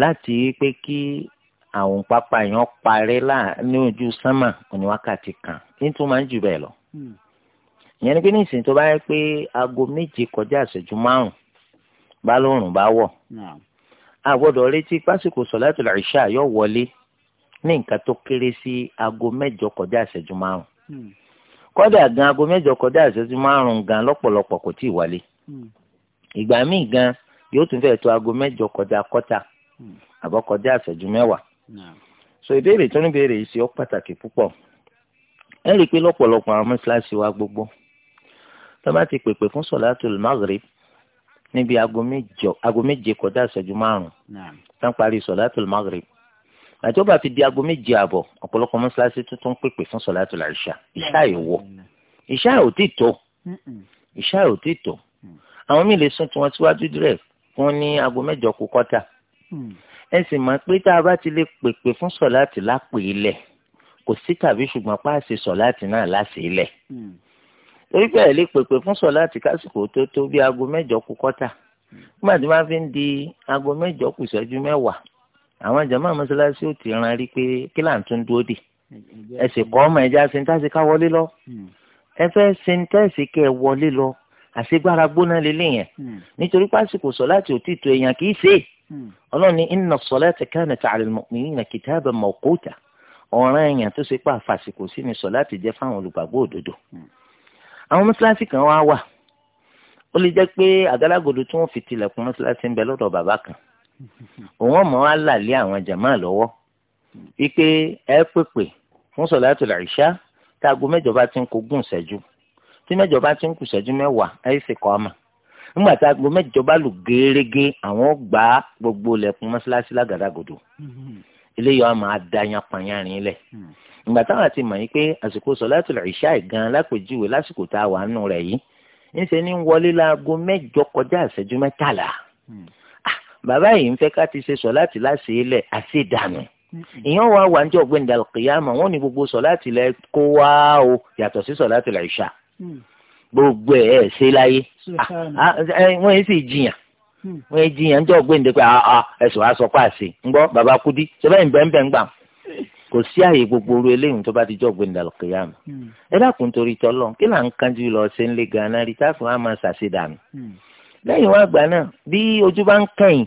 láti wípé kí àwọn pápá yẹn parẹ́ ní ojú sánmà ní wákàtí kan nítorí máa ń jù bẹ́ẹ̀ lọ hmm. ìyẹn ni pé ní ìsìn tó bá yẹ pé aago méje kọjá ìṣẹ́jú márùn bá lóòrùn bá wọ̀ hmm. a retí pásìkò sọ̀látùl ìṣà yóò wọlé ní nǹkan tó kéré sí aago mẹ́jọ kọjá ìṣẹ́jú márùn-ún hmm. kódà gan aago mẹ́jọ kọjá ìṣẹ́jú márùn-ún gan lọ́pọ̀lọpọ̀ kò tíì wálé hmm. ìgbà míì gan yóò tún fẹ́ tó aago mẹ́jọ kọjá kọ́tà hmm. àbọ̀ kọjá ìṣẹ́jú mẹ́wàá so ìbéèrè tó ń béèrè yìí ṣe ó pàtàkì púpọ̀ ẹ rí i pé lọ́pọ̀lọpọ̀ àwọn mọ́ṣáláṣí wa gbogbo tó bá ti pèpè fún sọ̀látùl maghrib níbi aago méje kọjá ìṣẹ́jú márùn-ún tán parí sọ̀látùl maghrib àti ó bá fi di aago méje àbọ̀ ọ̀pọ̀lọpọ̀ mọ́ṣáláṣí tuntun pèpè fún sọ̀láàtù làṣà ìṣá ìwọ̀ ìṣá ò tí tó ìṣá ò tí tó mm. àwọn míì lè sún tí wọ́n síwájú dírẹ̀ wọ́n ní aago mẹ́jọ kù kọ́tà mm. ẹ sì mọ̀ pé tá a bá ti lè pèpè fún sọ̀láàtì lápè ilẹ̀ kò sí tàbí ṣùgbọ́n páàsì sọ̀láàtì náà láṣẹ ilẹ̀ mm. torí bẹ́ẹ̀ lè pèpè fún sọ̀láàtì kásìkò tó tó bí aago mẹ́jọ kù kọ́tà nígbà tí wọ́n fi ń di aago mẹ́jọ kù ìṣẹ́jú mẹ́wàá àwọn jàmáà mọ́ṣáláṣí ò ti ran rí pé kí là ń tún dúró dè ẹ sì kọ́ ọmọ ẹja ṣe ń tàṣí ká wọlé lọ ẹ fẹ́ ṣe ń tẹ̀sí kẹ́ ẹ wọlé lọ àṣegbára gbóná lélẹ̀ yẹn nítorí pásìkò sọ láti òtí tó èèyàn kì í ṣe ọlọ́run ní inna as-salata kanat 'ala al-mu'minina kitaban mawquta ọ̀ràn èèyàn tó ṣe pa àfàsìkò sí ni sọ láti jẹ́ fáwọn olùgbàgbọ́ òdodo àwọn mọ́ṣáláṣí kan wá wà ó lè jẹ́ pé àgádágodo tí wọ́n fi tilẹ̀kùn mọ́ṣáláṣí ń bẹ lọ́dọ̀ bàbá kan òun ọmọ wa làlẹ àwọn jàmáà lọ́wọ́ wípé ẹ pèpè fún sọláàtù làìṣá táago mẹ́jọ bá ti ń kó gùn ṣẹ́jú tí mẹ́jọ bá ti ń kù ṣẹ́jú mẹ́wàá ẹ sì kọ ọmọ nígbà tá aago mẹ́jọ bá lù gérégé àwọn gbà gbogbo lẹ̀kùn mọ́ṣáláṣí lágàdàgodo eléyìí wọn máa da yanpanyanrin lẹ ìgbà táwọn àti mọ̀ yìí pé àsìkò sọláàtù làìṣá ìgan lápèjúwe lásìkò tá a wà nù rẹ̀ yìí ńṣe ní wọlé láago mẹ́jọ kọjá ìṣẹ́jú mẹ́tàlá bàbá yìí ń fẹ́ ká ti ṣe sọ láti láṣẹ ilẹ̀ àṣẹ dànù ìyẹn wà wà ní ọgbẹ́ni dàlùkìyàmọ̀ wọn ni gbogbo sọ láti lẹ kó wá o yàtọ̀ sí sọ láti lẹ ìṣà gbogbo ẹ̀ ẹ̀ ṣe láyé ah, ah, eh, wọ́n yìí sì jiyàn hmm. wọ́n yìí jiyàn ní ọgbẹ́ni dẹ́pẹ́ ah, ẹ̀sùn asọ́pá àṣẹ ńgbọ́ bàbá kudi ṣe báyìí bẹ́ẹ̀ bẹ́ẹ̀ ń gbà [LAUGHS] kò sí àyè gbogbo oru eléyìí tó bá ti jọ gbẹ̀ndà lọ́kẹ́yàmù hmm. ẹ dákun torí tọ́lọ́ kí là ń kánjú lọ ṣe ń lé ganan rí táfù á máa ṣàṣe dànù hmm. lẹ́yìn wá gbà náà bí ojú bá ń kẹ̀yìn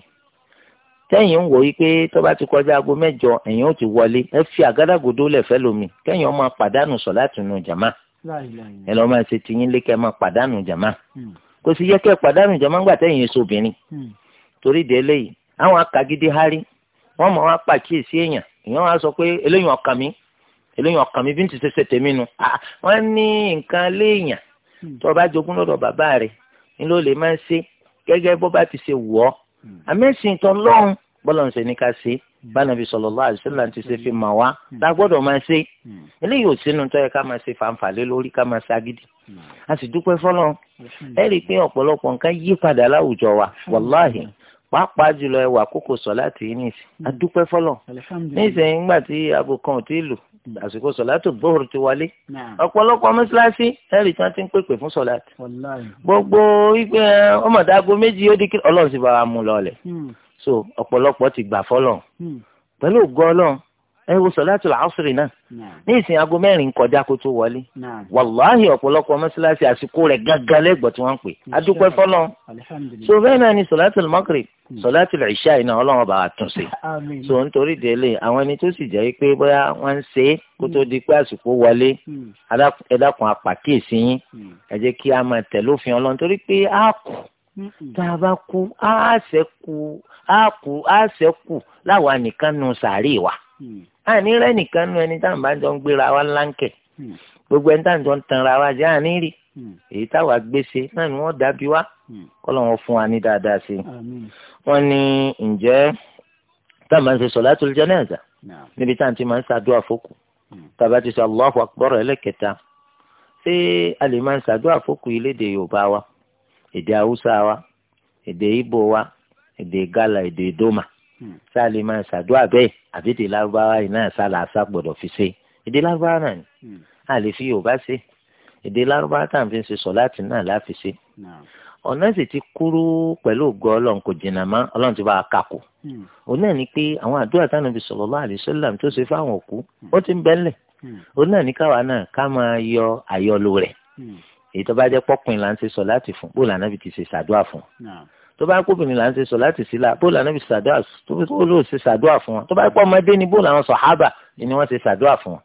tẹ́yìn ń wò yí pé tó bá ti kọjá aago mẹ́jọ ẹ̀yìn ó ti wọlé ẹ fi àgádágodo lẹ̀fẹ́ lomi kẹ́yìn ọmọ pàdánù sọ láti nu jàmá ẹ lọ́ máa ṣe tiyín lé máa pàdánù jàmá kò sì yẹ kẹ́ pàdánù jàmá ńgbà tẹ́yìn èso obìnrin torí de eléyìí àwọn akagídé hárí wọ́n mọ̀ wọ́n pàkíyèsí èèyàn èèyàn wá sọ pé eléyìí ọkàn mi eléyìí ọkàn mi bí n ti ṣẹṣẹ tèmi nu ah, wọ́n ní nǹkan léèyàn hmm. tó bá jogún lọ́dọ̀ bàbá rẹ̀ ni lè máa ń ṣe gẹ́gẹ́ bó bá ti ṣe wù ọ́ hmm. àmẹ́sìn tán lọ́hùn bọ́lá ń ṣe ní ká ṣe bánàbí sallallahu alaihi wasallam ti ṣe fi mà wá hmm. lágbọ́dọ̀ máa ṣe hmm. eléyìí ò sínú tó yẹ ká máa ṣe fanfàlẹ́ lórí ká máa ṣagídí a sì dúpẹ́ fọlọ́ ẹ rí i pé ọ̀pọ̀lọpọ̀ nǹkan yí padà láwùjọ wa wàláhì pàápàá jùlọ ẹ wà kókò sọ̀láàtì yìí nìsí adúpẹ́ hmm. fọlọ́ nísìnyí ńgbà tí aago kan ò tí ì lù hmm. àsìkò sọ̀láàtì gbòòrò ti wọlé ọ̀pọ̀lọpọ̀ mọ́sálásí ẹ̀rì tí wọ́n ti ń pèpè fún sọ̀láàtì gbogbo ìgbẹ́ ọmọdé méjì ó di ọlọ́run ti bá wa mú lọ hmm. so ọ̀pọ̀lọpọ̀ ti gbà fọlọ́ pẹ̀lú ògo ọlọ́run ẹ wo sọláàtì làásùrì náà ní ìsìn aago mẹ́rin kọjá kó tó wọlé wàláhì ọ̀pọ̀lọpọ̀ mọ́ṣáláṣí àsìkò rẹ̀ gángan lẹ́gbọ̀ tí wọ́n ń pè adúpẹ́ fọlọ́ so bẹ́ẹ̀ náà ni sọláàtì mọ́kìrì hmm. sọláàtì ìṣá iná ọlọ́run bá tún ṣe so nítorí délé àwọn ẹni tó sì jẹ́ pé bóyá wọ́n ń ṣe é kó tó hmm. di pé àsìkò wọlé hmm. ẹ àpàkíyèsí yín ẹ jẹ́ kí a máa tẹ̀ lófin ọlọ́run torí pé á kù tá a bá kú á sẹ́kù á kù á sẹ́kù láwa nìkan nu sàárè wa àní rẹ nìkan nu ẹni tá à ń bá jọ ń gbéra wa láǹkẹ hmm. gbogbo ẹni tá à ń jọ ń tanra wa jẹ àní rí hmm. èyí táwa gbèsè náà ni wọn dàbí wa hmm. kọlọ wọn fún wa ní dáadáa sí i wọn ní ǹjẹ́ tá a máa ń ṣe solatul janaza níbi tá à ń ti máa ń ṣàdúrà fókù tàbá ti sọ Allahu akbar ẹlẹ́kẹta ṣé a lè máa ń ṣàdúrà fókù yìí Yorùbá wa èdè Haúsá wa èdè Ìgbò wa èdè Gala èdè Idoma sá hmm. lè máa ṣàdúrà bẹ́ẹ̀ àbídè lárúbáwá yìí náà sá làásà gbọ́dọ̀ fi ṣe èdè lárúbáwá náà ni hmm. a lè fi yorùbá ṣe èdè lárúbáwá tá à ń fi ṣe sọ láti náà láfi ṣe ọ̀nà sì ti kúrú pẹ̀lú ògùn ọlọ́run kò jìnnà mọ́ ọlọ́run ti bá a kakò hmm. òun náà ni pé àwọn àdúrà táwọn ibi sallallahu alaihi wasallam tó ṣe fáwọn òkú ó ti ń bẹ́lẹ̀ òun náà ní káwa náà ká máa yọ àyọlò rẹ̀ èyí tó bá jẹ́ pọ́pin là ń ṣe sọ láti fún bó lànà bí ti ṣe ṣàdúrà fún un tó bá kó obìnrin là ń ṣe sọ láti sílá bóòlù ànábì ṣàdúrà tó bí kó lóò ṣe ṣàdúrà fún wọn tó bá pọ̀ ọmọdé ni bóòlù àwọn sọ̀hábà ni wọ́n ṣe ṣàdúrà fún wọn.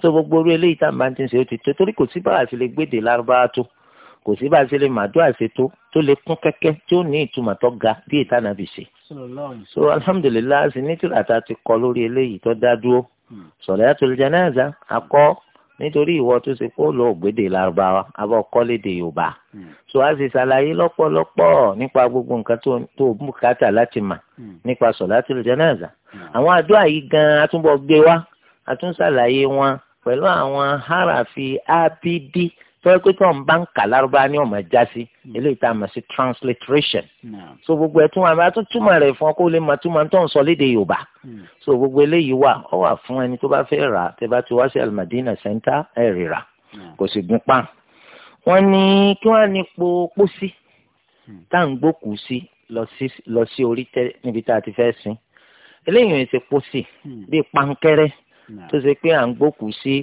tó hmm. gbogbo orí eléyìí tá à ń bá ti ń ṣe ó ti tó torí kò sí bá ṣe lè gbéde lárúbáwá tó kò sí bá ṣe lè màdúrà ṣe tó tó lè kún kẹ́kẹ́ tí ó ní ìtumọ̀ tó ga bí ètò ànábì ṣe. so alhamdulilayi a sì ní tìrata ti kọ lórí eléyìí tó dá dúró hmm. sọ̀rọ̀ yàtọ̀ nítorí ìwọ tó ṣe kó lọ ògbédè lárúbáwá abọ kọ́lédè yorùbá hmm. so a sì ṣàlàyé lọ́pọ̀lọpọ̀ nípa gbogbo nǹkan tó bùkátà láti mà hmm. nípa sọ̀látùl jánásà hmm. àwọn àdúrà yìí gan-an àtúbọ̀ gbé wá àtúnṣàlàyé wọn pẹ̀lú àwọn harafi abidi tọ́ pé tó ń bá ń kà lárúbá ní ọ̀mọ̀ já sí hmm. eléyìí tá a mọ̀ sí translation. so gbogbo ẹ̀ tún wà máa tún túmọ̀ rẹ̀ fún ọ kó lè máa túmọ̀ tó ń sọ léde yorùbá hmm. so gbogbo eléyìí wà ọ wà fún ẹni tó bá fẹ́ rà tẹ bá ti wá sí almadina center ẹ̀ rírà kò sì gun pan wọ́n ní kí wọ́n ní po pósí hmm. tá à ń gbókùú sí lọ sí orí tẹ níbi tá a ti fẹ́ sin eléyìí ò ń ṣe pósí bíi pankẹ́rẹ́ tó ṣe pé à ń gbókùú sí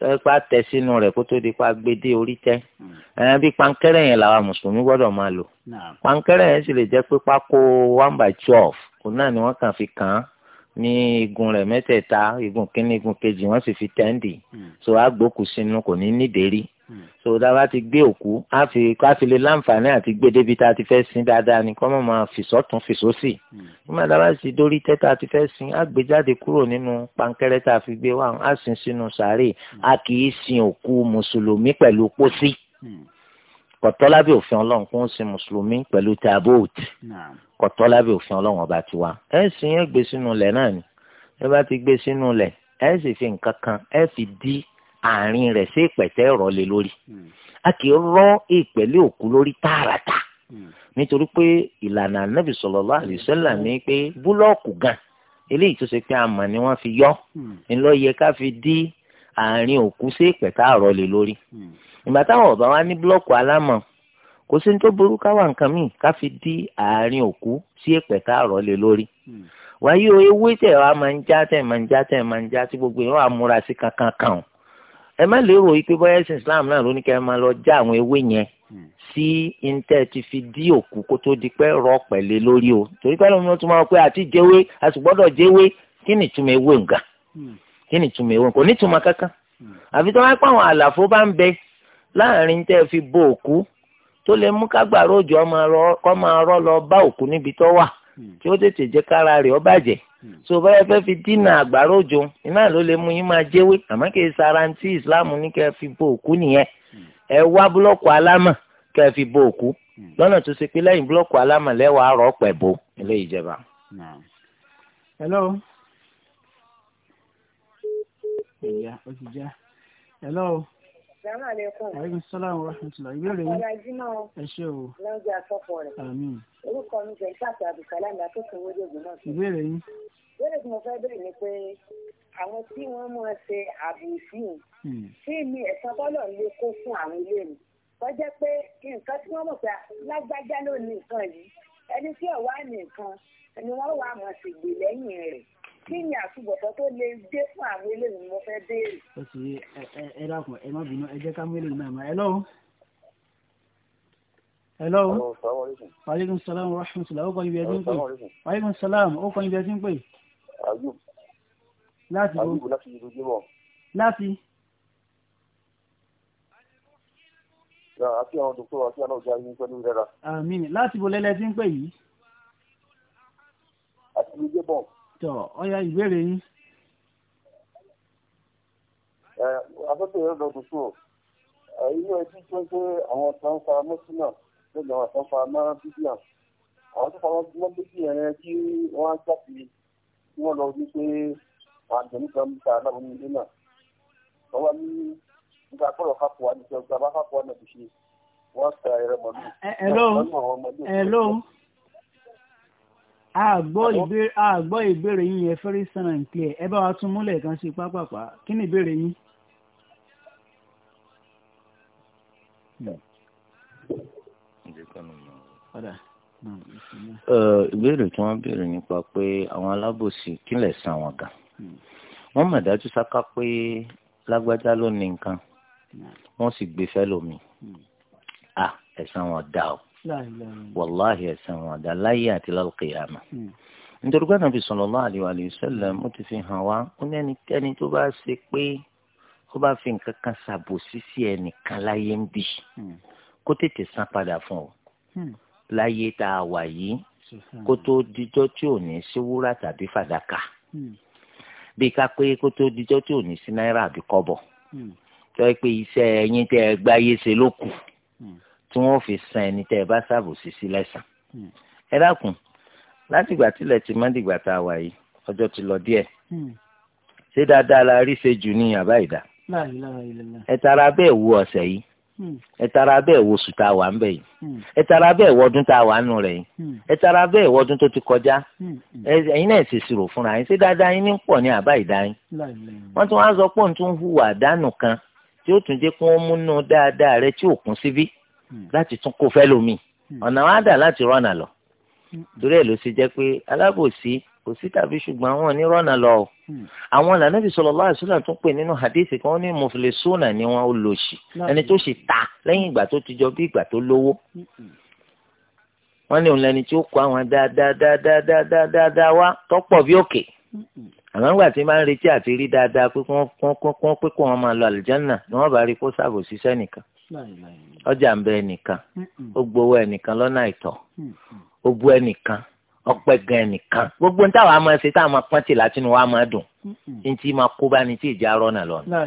tẹ́pá tẹ sínú rẹ̀ kó tó di pa gbédé orí tẹ́ hmm. ẹ̀yìn bí pankẹ́rẹ́ yẹn làwa mùsùlùmí gbọ́dọ̀ máa lò pankẹ́rẹ́ yẹn sì lè jẹ́ pé pákó one by twelve òun náà ni wọ́n kàn fi kàn án ní igun rẹ̀ mẹ́tẹ̀ẹ̀ta igun kínní igun kejì wọ́n sì fi tẹ́ǹdì hmm. so àgbókù sínú kò ní nídèérí Hmm. so dábàá ti gbé òkú á fi ká fi lè láǹfààní àti gbé débi tá a ti fẹ́ sin dáadáa ni kọ́ mọ̀ máa fìsọ́tún fìsọ́sì nígbà hmm. dábàá sì dórí tẹ́tà a ti fẹ́ sin á gbé jáde kúrò nínú pankẹ́rẹ́ tá a fi gbé wá á sin sínú sàárè hmm. a kì í sin òkú mùsùlùmí pẹ̀lú pósí kọ̀tọ́lábẹ́ òfin ọlọ́run kún sin mùsùlùmí pẹ̀lú tabot kọ̀tọ́lábẹ́ òfin ọlọ́run ọba tiwa ẹ sì yẹn gbé sínú ilẹ̀ náà ni ẹ bá ti gbé sínú ilẹ̀ ẹ sì fi nǹkan kan ẹ fi dí àárín rẹ̀ sí ìpẹ̀tẹ́ rọ̀ lórí hmm. a kì í rọ́ ìpẹ̀lẹ̀ òkú lórí tààràtà hmm. nítorí pé ìlànà anábì sallallahu ní pé hmm. búlọ́ọ̀kù gan eléyìí tó ṣe pé àmọ́ ni wọ́n fi yọ́ ńlọ yẹ ká fi dí àárín òkú sí ìpẹ̀tẹ́ lórí ìgbà táwọn ní búlọ́ọ̀kù alámọ̀ kò sí tó burú nǹkan ká fi dí lórí wáyé o ewé tẹ̀ wá máa ń já tẹ̀ máa ń já tí gbogbo múra sí ẹ má lérò yìí pé ẹ̀sìn islam náà ló ní kẹ́ ẹ máa lọ já àwọn ewé yẹn hmm. sí intẹ́ ti fi dí òkú kó tó di pẹ́ rọ pẹ̀lẹ́ lórí o torí pẹ́ lómi tó máa a àti jẹ́wé a si gbọdọ jẹ́wé kí ni túmọ̀ nga hmm. kí ni túmọ̀ ewé kò ní kankan hmm. àfi tó àwọn àlàfo bá ń bẹ láàrin fi bo òkú tó lè mú òjò kọ́ máa rọ́ lọ bá òkú níbi tó Hmm. tí ó tètè jẹ́ kára rẹ̀ ọ bàjẹ́ tó hmm. o bá yẹ fẹ́ fi dínà àgbàrá òjò iná ló lè mú yín máa jẹ́wé àmọ́ kì í sara ní kẹ́ fi bo òkú nìyẹn hmm. ẹ wá búlọ́ọ̀kù alámà kẹ́ fi bo òkú lọ́nà tó ṣe pé salaamaleykum. aleykum salaam wa rahmatulah ìbéèrè yín. ọ̀la jimá o. ẹ ṣe o. lọ́jọ́ àfọ́fọ́ rẹ̀. àmín. orúkọ mi jẹ́ ìṣàkóso abdulsalam látòkè wọlé ògùn náà. ìbéèrè yín. ìbéèrè tí mo fẹ́ béèrè ni pé àwọn tí wọ́n máa ṣe àbùsí hmm. sí mi ẹ̀sán bọ́lọ̀ lè kó fún àwọn ilé mi. wọ́n jẹ́ pé nǹkan tí wọ́n mọ̀ pé lágbájá ló ní nǹkan yìí ẹni tí ò wá ní nǹkan ni wọ́n wà mọ̀ sí gbè lẹ́yìn rẹ̀ kí ni àtúbọ̀tán tó lè dé fún àwọn eléyìí mo fẹ́ béèrè. ó sì ẹ ẹ dákun ẹ má bínú ẹ jẹ́ ká mú eléyìí náà mọ́ ẹ lọ́wọ́. hello. aleykum salaam wa rahmatulah ó kọ́ ibi ẹtí ń pè. aleykum salaam ó kọ́ ibi ẹtí ń pè. ayub. láti wo ayub láti ibi ojúmọ. láti. àti àwọn dòkítọ̀ àti àwọn ọjà yìí pẹ̀lú ìrẹ́ra. àmín láti bo lẹ́lẹ́ tí ń pè yìí. àti ibi tọ ọyá ìbéèrè yín. ẹ afẹ́fẹ́ yóò lọ dùkú o ilé ẹbí tó ń gbé àwọn tó ń fara mọ́tò náà lónìí àwọn tó ń fara mọ́ bíbí àwọn tó fara mọ́ bíbí yẹn kí wọ́n á jáde kí wọ́n lọ rí pé àjẹmí kan ń ta aláwọ̀ nílé náà wọ́n wá ní nígbà gbọ́dọ̀ kápò àdìsẹ́ ọgbà bá kápò àdìsẹ́ wọ́n ta ẹ̀rọ mọ̀lú. ẹ ẹ lóhùn ẹ lóhùn àgbọ́ ìbéèrè yín yẹn very sound and clear ẹ bá wa tún múlẹ̀ kan sí pápápá kí ni ìbéèrè yín. ìbéèrè tí wọ́n béèrè nípa pé àwọn alábòsí kílẹ̀ san wọn gan hmm. wọ́n mọ̀ dájú sáká pé lágbájá ló ní nǹkan hmm. wọ́n sì gbé fẹ́ lómi hmm. à ẹ̀san wọn dá o wàláhì ẹ̀sán wọn àdá láyé àti lálùkìyàmà hmm. nítorí pé ànábì sallallahu alaihi wa sallam ó ti fi hàn wá ó ní ẹnikẹ́ni tó bá ṣe pé ó bá fi nǹkan kan ṣàbòsí sí ẹnìkan láyé ń bì hmm. kó tètè san padà fún ọ hmm. láyé tá a wà yìí kó tó dijọ́ tí ò ní sí wúrà tàbí fàdákà bí ká pé kó tó dijọ́ tí ò ní sí náírà àbí kọ́bọ̀ tó yẹ pé iṣẹ́ ẹyin tẹ́ ẹ gbáyé ṣe ló kù tí wọ́n fi san ẹni tẹ́ ẹ bá ṣàbò sísí lẹ́sàn. Hmm. ẹ dákun láti ìgbà tílẹ̀ ti má dìgbà tá a wà yìí ọjọ́ ti lọ díẹ̀ hmm. ṣé dáadáa la rí ṣe jù ní àbá ìdá ẹ tara bẹ́ẹ̀ wo ọ̀sẹ̀ yìí hmm. ẹ tara bẹ́ẹ̀ wo oṣù tá a wà ń bẹ̀ yìí ẹ tara bẹ́ẹ̀ wọdún tá a wà nù rẹ̀ yìí ẹ tara bẹ́ẹ̀ wọdún tó ti kọjá ẹ̀yin náà ṣe ṣírò fúnra yín ṣé dáadáa yín ní pọ̀ ní àbá ìdá yín wọ́n tún wá sọ pé òun tún hùwà àdánù kan tí ó tún jẹ́ kí wọ́n múnú dáadáa rẹ tí ò Hmm. láti tún kó fẹ́ lómi hmm. ọ̀nà wa dà láti rọ́nà lọ hmm. torí ẹ̀ ló ṣe jẹ́ pé alábòsí kò sí tàbí ṣùgbọ́n àwọn ní rọ́nà lọ o àwọn lànàbì sallallahu alaihi wasallam tún pè nínú hadith kan ní muflisuna ni wọn ò lò sí ẹni tó sì ta lẹ́yìn ìgbà tó ti jọ bí ìgbà tó lówó wọn ní òun lẹni tí ó kó àwọn dáadáa dáadáa dáadáa wá tọ́pọ̀ bí òkè àmọ́ ńgbà tí máa ń retí àti rí dáadáa pé kí wọ́n pé kí wọ́n máa lọ àlùjáná ni wọ́n bá rí kó ṣàbò ṣiṣẹ́ nìkan ọjà ń bẹ ẹnìkan ó gbowó ẹnìkan lọ́nà àìtọ́ ó bú ẹnìkan ọpẹ gan ẹnìkan gbogbo ní táwọn máa ṣe táwọn máa pọ́n tì látinú wa máa dùn ní tí máa kó bá ní tí ìjà rọ́nà lọ́nà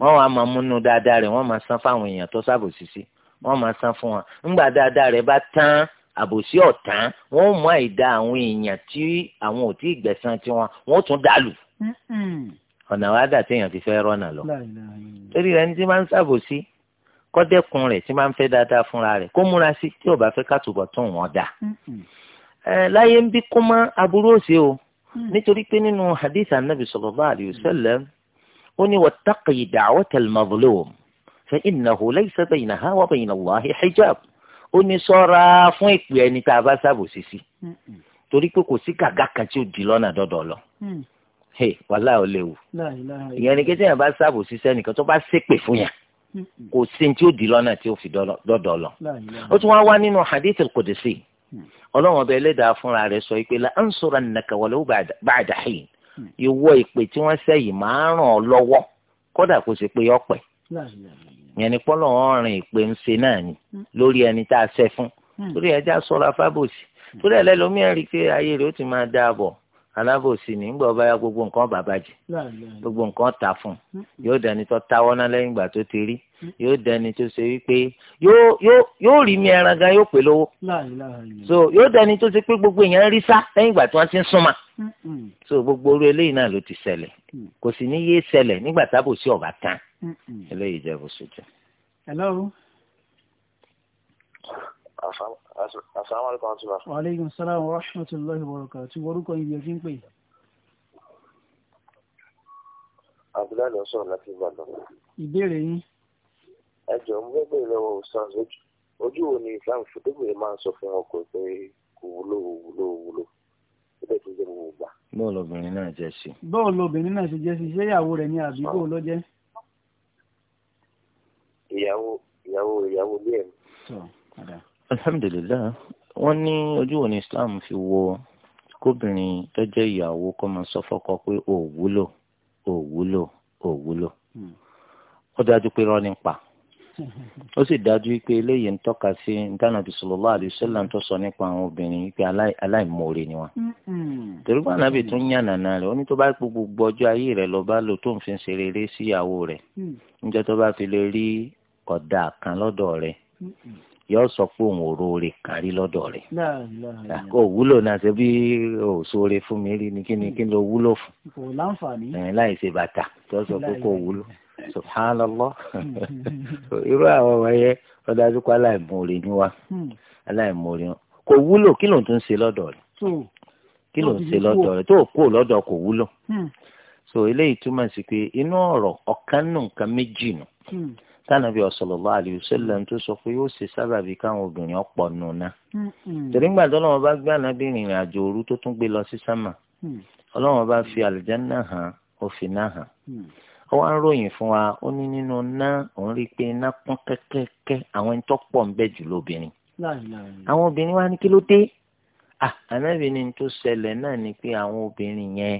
wọ́n wàá máa múnú dáadáa rẹ̀ wọ́n máa san fáwọn èèyàn tó ṣàbò ṣiṣẹ́ wọ́n máa san fún wọn ńgbà dáadáa rẹ̀ bá tán àbòsí ọ̀tán wọ́n mú àìda àwọn èèyàn tí àwọn ò tí ì gbẹ̀san tiwọn wọ́n tún dàlù. Mm-hmm. ọ̀nà wa dà téèyàn fi fẹ́ rọ́nà lọ. torí rẹ ní tí máa ń ṣàbòsí kọ́dẹ́kun rẹ̀ tí máa ń fẹ́ dáadáa fúnra rẹ̀ kó múra sí tí ò bá fẹ́ kàtúbọ̀ tún wọn dà. Mm-hmm. láyé ń bí kó mọ́ aburú òsè o mm. nítorí pé nínú hadith anabi sallallahu alayhi ó ní wattaqi da'wata al-mazlum ó ní sọ́ra fún ìpè ẹni tá a bá ṣàbòsí sí torí pé kò sí kàgá kan tí ó di lọ́nà dọ́dọ̀ lọ mm. wàhálà ò léwu ìyẹn ni kéde yẹn bá ṣàbòsí sẹ́nìkan tó bá ṣépè fún yẹn kò sí tí ó di lọ́nà tí ó fi dọ́dọ̀ lọ ó tún wá wá nínú hadith al mm. ọlọ́run ọba ẹlẹ́dàá fúnra rẹ̀ sọ pé la ansurannaka walau ba'da hin mm. ìwọ ìpè tí wọ́n sẹ́yìn máa ràn ọ́ lọ́wọ́ kódà kò sí pé ọ̀pẹ́ yẹn ni pọ́lọ̀ ọ̀rìn ìpè ń ṣe náà ni hmm. lórí ẹni tá a ṣẹ́ fún lórí hmm. ẹja sọ́ra fábòsì hmm. torí ẹ̀ lẹ́lọ́mí ẹ̀rí pé ayé rẹ̀ ó ti máa dáa bọ̀ alábòsí ni ńgbà ọba ya gbogbo nǹkan bàbá jẹ gbogbo nǹkan ta fún yóò dẹni tó táwọ́ náà lẹ́yìn ìgbà tó ti rí yóò dẹni tó ṣe wípé yóò rí mi ẹran gan yóò pè lówó so yóò dẹni tó ṣe pé gbogbo èèyàn rí sá lẹ́yìn ìgbà tí wọ́n ti ń súnmọ́ so gbogbo orú eléyìí náà ló ti ṣẹlẹ̀ kò sì ní yé ṣẹlẹ̀ nígbà tábòsí ọ̀bà kan eléyìí jẹ́ bó ṣe jẹ́. hello. asalaamualeykum wa rahmatulah. wa aleykum salaam wa rahmatulahi wa barakatuh orúkọ ibi ẹ̀fín pè. abdullahi lọ sọ̀rọ̀ láti ìbàdàn. ìbéèrè yín. ẹ jọ̀ọ́ mo fẹ́ bẹ̀rẹ̀ lọ́wọ́ sars ojú wo ni islam fúdúgbìn máa ń sọ fún ọkọ̀ pé kò wúlò wúlò wúlò síbẹ̀ tó jẹ́ gbogbo gbà. bọ́ọ̀lù obìnrin náà jẹ́ sí. bọ́ọ̀lù obìnrin náà ṣe jẹ́ sí ṣé ìyàwó rẹ̀ ni àbí bọ́ọ̀lù ló jẹ́ ìyàwó ìyàwó ìyàwó ilé ẹ̀. alhamdulilayi wọ́n ní ojú wo ni islam fi wo kóbìnrin tó jẹ́ ìyàwó kó máa sọ fọ́kọ pé ò wúlò ò wúlò ò wúlò hmm. ó dájú pé irọ́ ni pa [LAUGHS] ó sì dájú pé eléyìí ń tọ́ka sí ntánàbí sallallahu alaihi tó sọ nípa àwọn obìnrin pé aláìmoore ni wọn. Hmm. torí pé ànábì tún yàn nàna rẹ̀ ó tó bá gbogbo ọjọ́ ayé rẹ̀ lọ bá lò tó ń fi ṣe rere síyàwó rẹ̀ níjọ́ hmm. tó bá fi lè rí kódà kan lọ́dọ̀ rẹ̀ yóò sọ pé òun ò roore kárí lọ́dọ̀ rẹ̀ kò wúlò náà ṣe bí ò fún mi rí ni kí ni mm. kí ni ó wúlò fún láì ṣe sọ pé kò wúlò subhanallah [LAUGHS] [LAUGHS] irú àwọn aláìmoore ni hmm. aláìmoore kò wúlò kí ló ń tún ṣe lọ́dọ̀ rẹ̀ kí ló ń ṣe lọ́dọ̀ rẹ̀ tó kú lọ́dọ̀ kò wúlò hmm. so eléyìí tánàbí sallallahu alayhi wa sallam tó sọ pé yóò ṣe sábàbí káwọn obìnrin ọ̀pọ̀ nùnà. torí ńgbà tó lọ́wọ́ bá gbé ànábì ìrìn àjò òru tó tún gbé lọ sí sámà mm. ọlọ́wọ́n bá fi àlùjáná hàn ó fi náà hàn. Mm. ó wá ń ròyìn fún wa ó ní nínú ná òun rí i pé iná kún kẹ́kẹ́kẹ́ àwọn ẹni tó pọ̀ ń bẹ jù lóbìnrin. àwọn obìnrin wa ní kí ló dé? ànábì ni tó ṣẹlẹ̀ náà ni pé àwọn obìnrin yẹn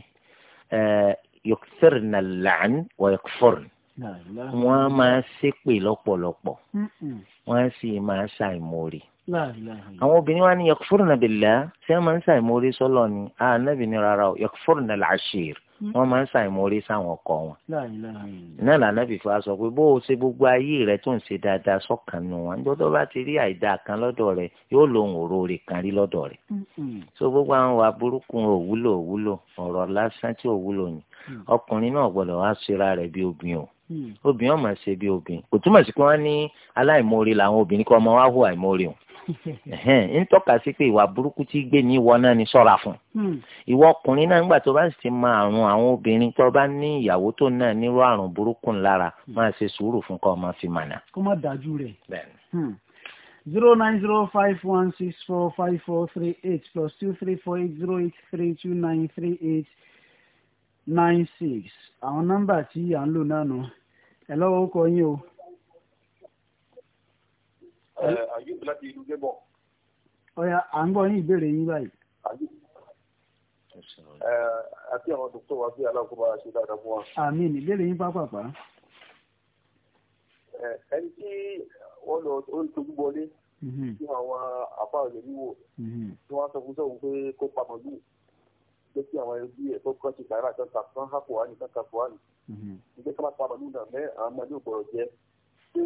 yọkfẹ́rìnà làn wọ̀ yọkfẹ́rìnà wọ́n á máa ṣépè lọ́pọ̀lọpọ̀ wọ́n á sì máa ṣàìmọ̀ọ́rì. àwọn obìnrin wa ní yakfurna billah ṣé wọ́n máa ń ṣàìmọ̀ọ́rì sọ́lọ́ ni ah, ànábì ní rárá o yakfurna al Mm-hmm. wọ́n máa ń ṣàìmọ̀rí sáwọn ọkọ wọn. náà lànàbì fa sọ pé bó o ṣe gbogbo ayé rẹ tó ń ṣe dáadáa sọ́kàn nù wọn níjọ́ bá ti rí àìdáa kan lọ́dọ̀ rẹ yóò lòun òró rẹ kan rí lọ́dọ̀ rẹ. Mm-hmm. so gbogbo àwọn wà burúkú òwúlò òwúlò ọ̀rọ̀ lásán tí òwúlò ni mm. ọkùnrin náà gbọ́dọ̀ wá síra rẹ̀ bí obìnrin o mm. obìnrin ọmọ ṣe bí obìnrin kò túmọ̀ sí pé wọ́n ní aláìmoore ń tọ́ka sí pé ìwà burúkú tí gbé ní ìwọ náà ni sọ́ra fún hmm. ìwọ ọkùnrin náà nígbà tó bá sì ti máa àrùn àwọn obìnrin tó bá ní ìyàwó tó náà nírú àrùn burúkú ńlára hmm. máa ṣe sùúrù fún kọ́ ọ fi mànà. kó má dájú rẹ̀ hmm. zero nine zero five one six four five four three eight plus two three four eight zero eight three two nine three eight nine six àwọn nọ́mbà tí à ń lò náà nù ẹ̀ lọ́wọ́ ó yín o àyùbù láti ìlú gébọ̀. ọ̀yà à ń gbọ́ yín ìbéèrè yín báyìí. àti àwọn dókítà wa bí alákòóbá ṣe dáadáa fún wa. àmín ìbéèrè yín pápápá. ẹni tí wọ́n lọ orí tojú wọlé mhm. tí àwọn àbá rẹ̀ wíwò mhm. tí wọ́n sọ fún sọ́hun pé kó pamọ́ lù pé kí àwọn ẹbí ẹ̀ tó kọ́ sí sàárà kan kà fún hapò wá ní kan kà fún wá ní. ìgbésẹ̀ máa pamọ́ lù náà mẹ́ àwọn ọmọdé ò gbọ́dọ̀ jẹ́. tí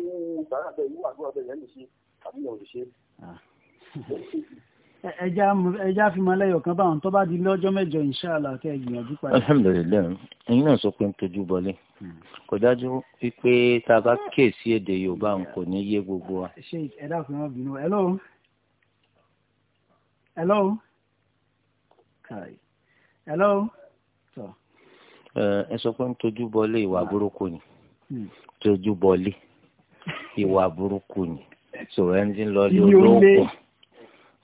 sàárà bẹ́ẹ̀ yíwà àdúrà bẹ́ẹ̀ yẹn nìṣe. Ah. [LAUGHS] já fi máa lẹ́yọ̀ kan báwọn tó bá di lọ́jọ́ mẹ́jọ ìṣáàlà kẹ́ ẹ gbìyànjú padà. alhamdulilayi ẹyin náà sọ pé ń tọ́jú bọlé hmm. kò dájú wípé tá a bá kíyè sí èdè yorùbá n kò ní yé gbogbo wa. ṣé ẹ dákun náà bínú hello hello hello eh, ẹ sọ pé ń tọ́jú ah. hmm. bọlé ìwà burúkú ni tọ́jú bọlé ìwà burúkú ni so ẹni tí ń lọ lé olóògùn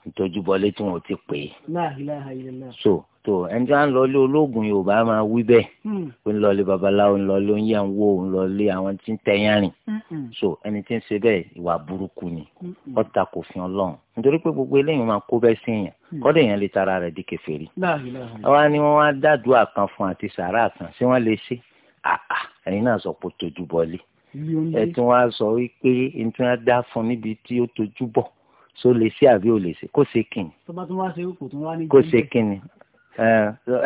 ìtọ́júbọlé tí wọn ti pè é so tó ẹni tí wọn ń lọ lé olóògùn yorùbá máa wí bẹ́ẹ̀ hmm. ń lọ lé babaláwo ń lọ lé oúnjẹ ń wò ń lọ lé àwọn tí ń tẹyán rìn hmm. so ẹni tí ń ṣe bẹ́ẹ̀ ìwà burúkú ni ọ̀tá hmm. kò fi Ọlọ́run nítorí pé gbogbo eléyìí máa kó bẹ́ẹ̀ sí èèyàn kọ́dọ̀ èèyàn lè tara rẹ̀ di kèfèrí àwa ni wọ́n wá dàdúrà kan fún àti sàárà kan ṣé wọ́n lè ṣe àà ẹ̀yin náà sọ pé tójúbọlé ẹ tún wá sọ wípé n tún á dá fún níbi tí ó tojú bọ̀ so lè ṣe àbí ò lè ṣe kó ṣe kìnnì. tó bá tún wá ṣe kò tún wá ní. kó ṣe kìnnì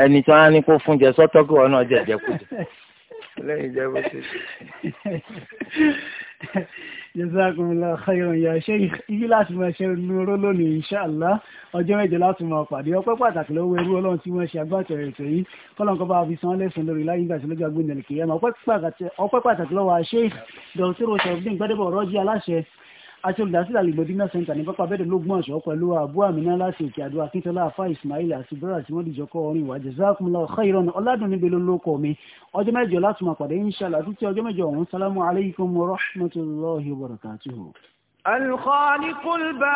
ẹni tí wọn á ní kó fún jẹ sọ́tọ̀ kí wọn náà jẹjẹ kú jẹ. [LAUGHS] lẹ́yìn jẹ́ bó ṣe ṣe. [LAUGHS] jazakumullahu khairan ya sheikh igi láti máa ṣe nuró lónìí inshallah ọjọ́ mẹ́jọ láti máa pàdé ọpẹ́ pàtàkì lọ́wọ́ ẹrú ọlọ́run tí wọ́n ṣe agbátẹ̀rẹ̀ ètò yìí kọ́lọ́nkọ́ bá fi san lẹ́sùn lórí láyé ìgbà tí lọ́jọ́ agbóhùn ìdẹ̀lẹ̀kẹ́ yẹn ọpẹ́ pàtàkì lọ́wọ́ sheikh dr oṣù ọ̀gbìn gbẹ́dẹ́bọ̀ rọ́jí aláṣẹ àti olùdásílẹ̀ alimọ̀dínà center ní pápá abẹ́dẹ̀ lógún ọ̀ṣọ́ pẹ̀lú àbú àmìnà láti òkè àdó akíntola afa ismail àti bẹ́rẹ̀ àti wọ́n dìjọ́ kọ́ orin ìwà jazakumullahu khairan ọ̀làdùn níbi ló lóko mi ọjọ́ mẹ́jọ láti máa pàdé inshallah títí ọjọ́ mẹ́jọ ọ̀hún sálámù alaykum rahmatulahi wa barakatuhu. alkhaliqul ba.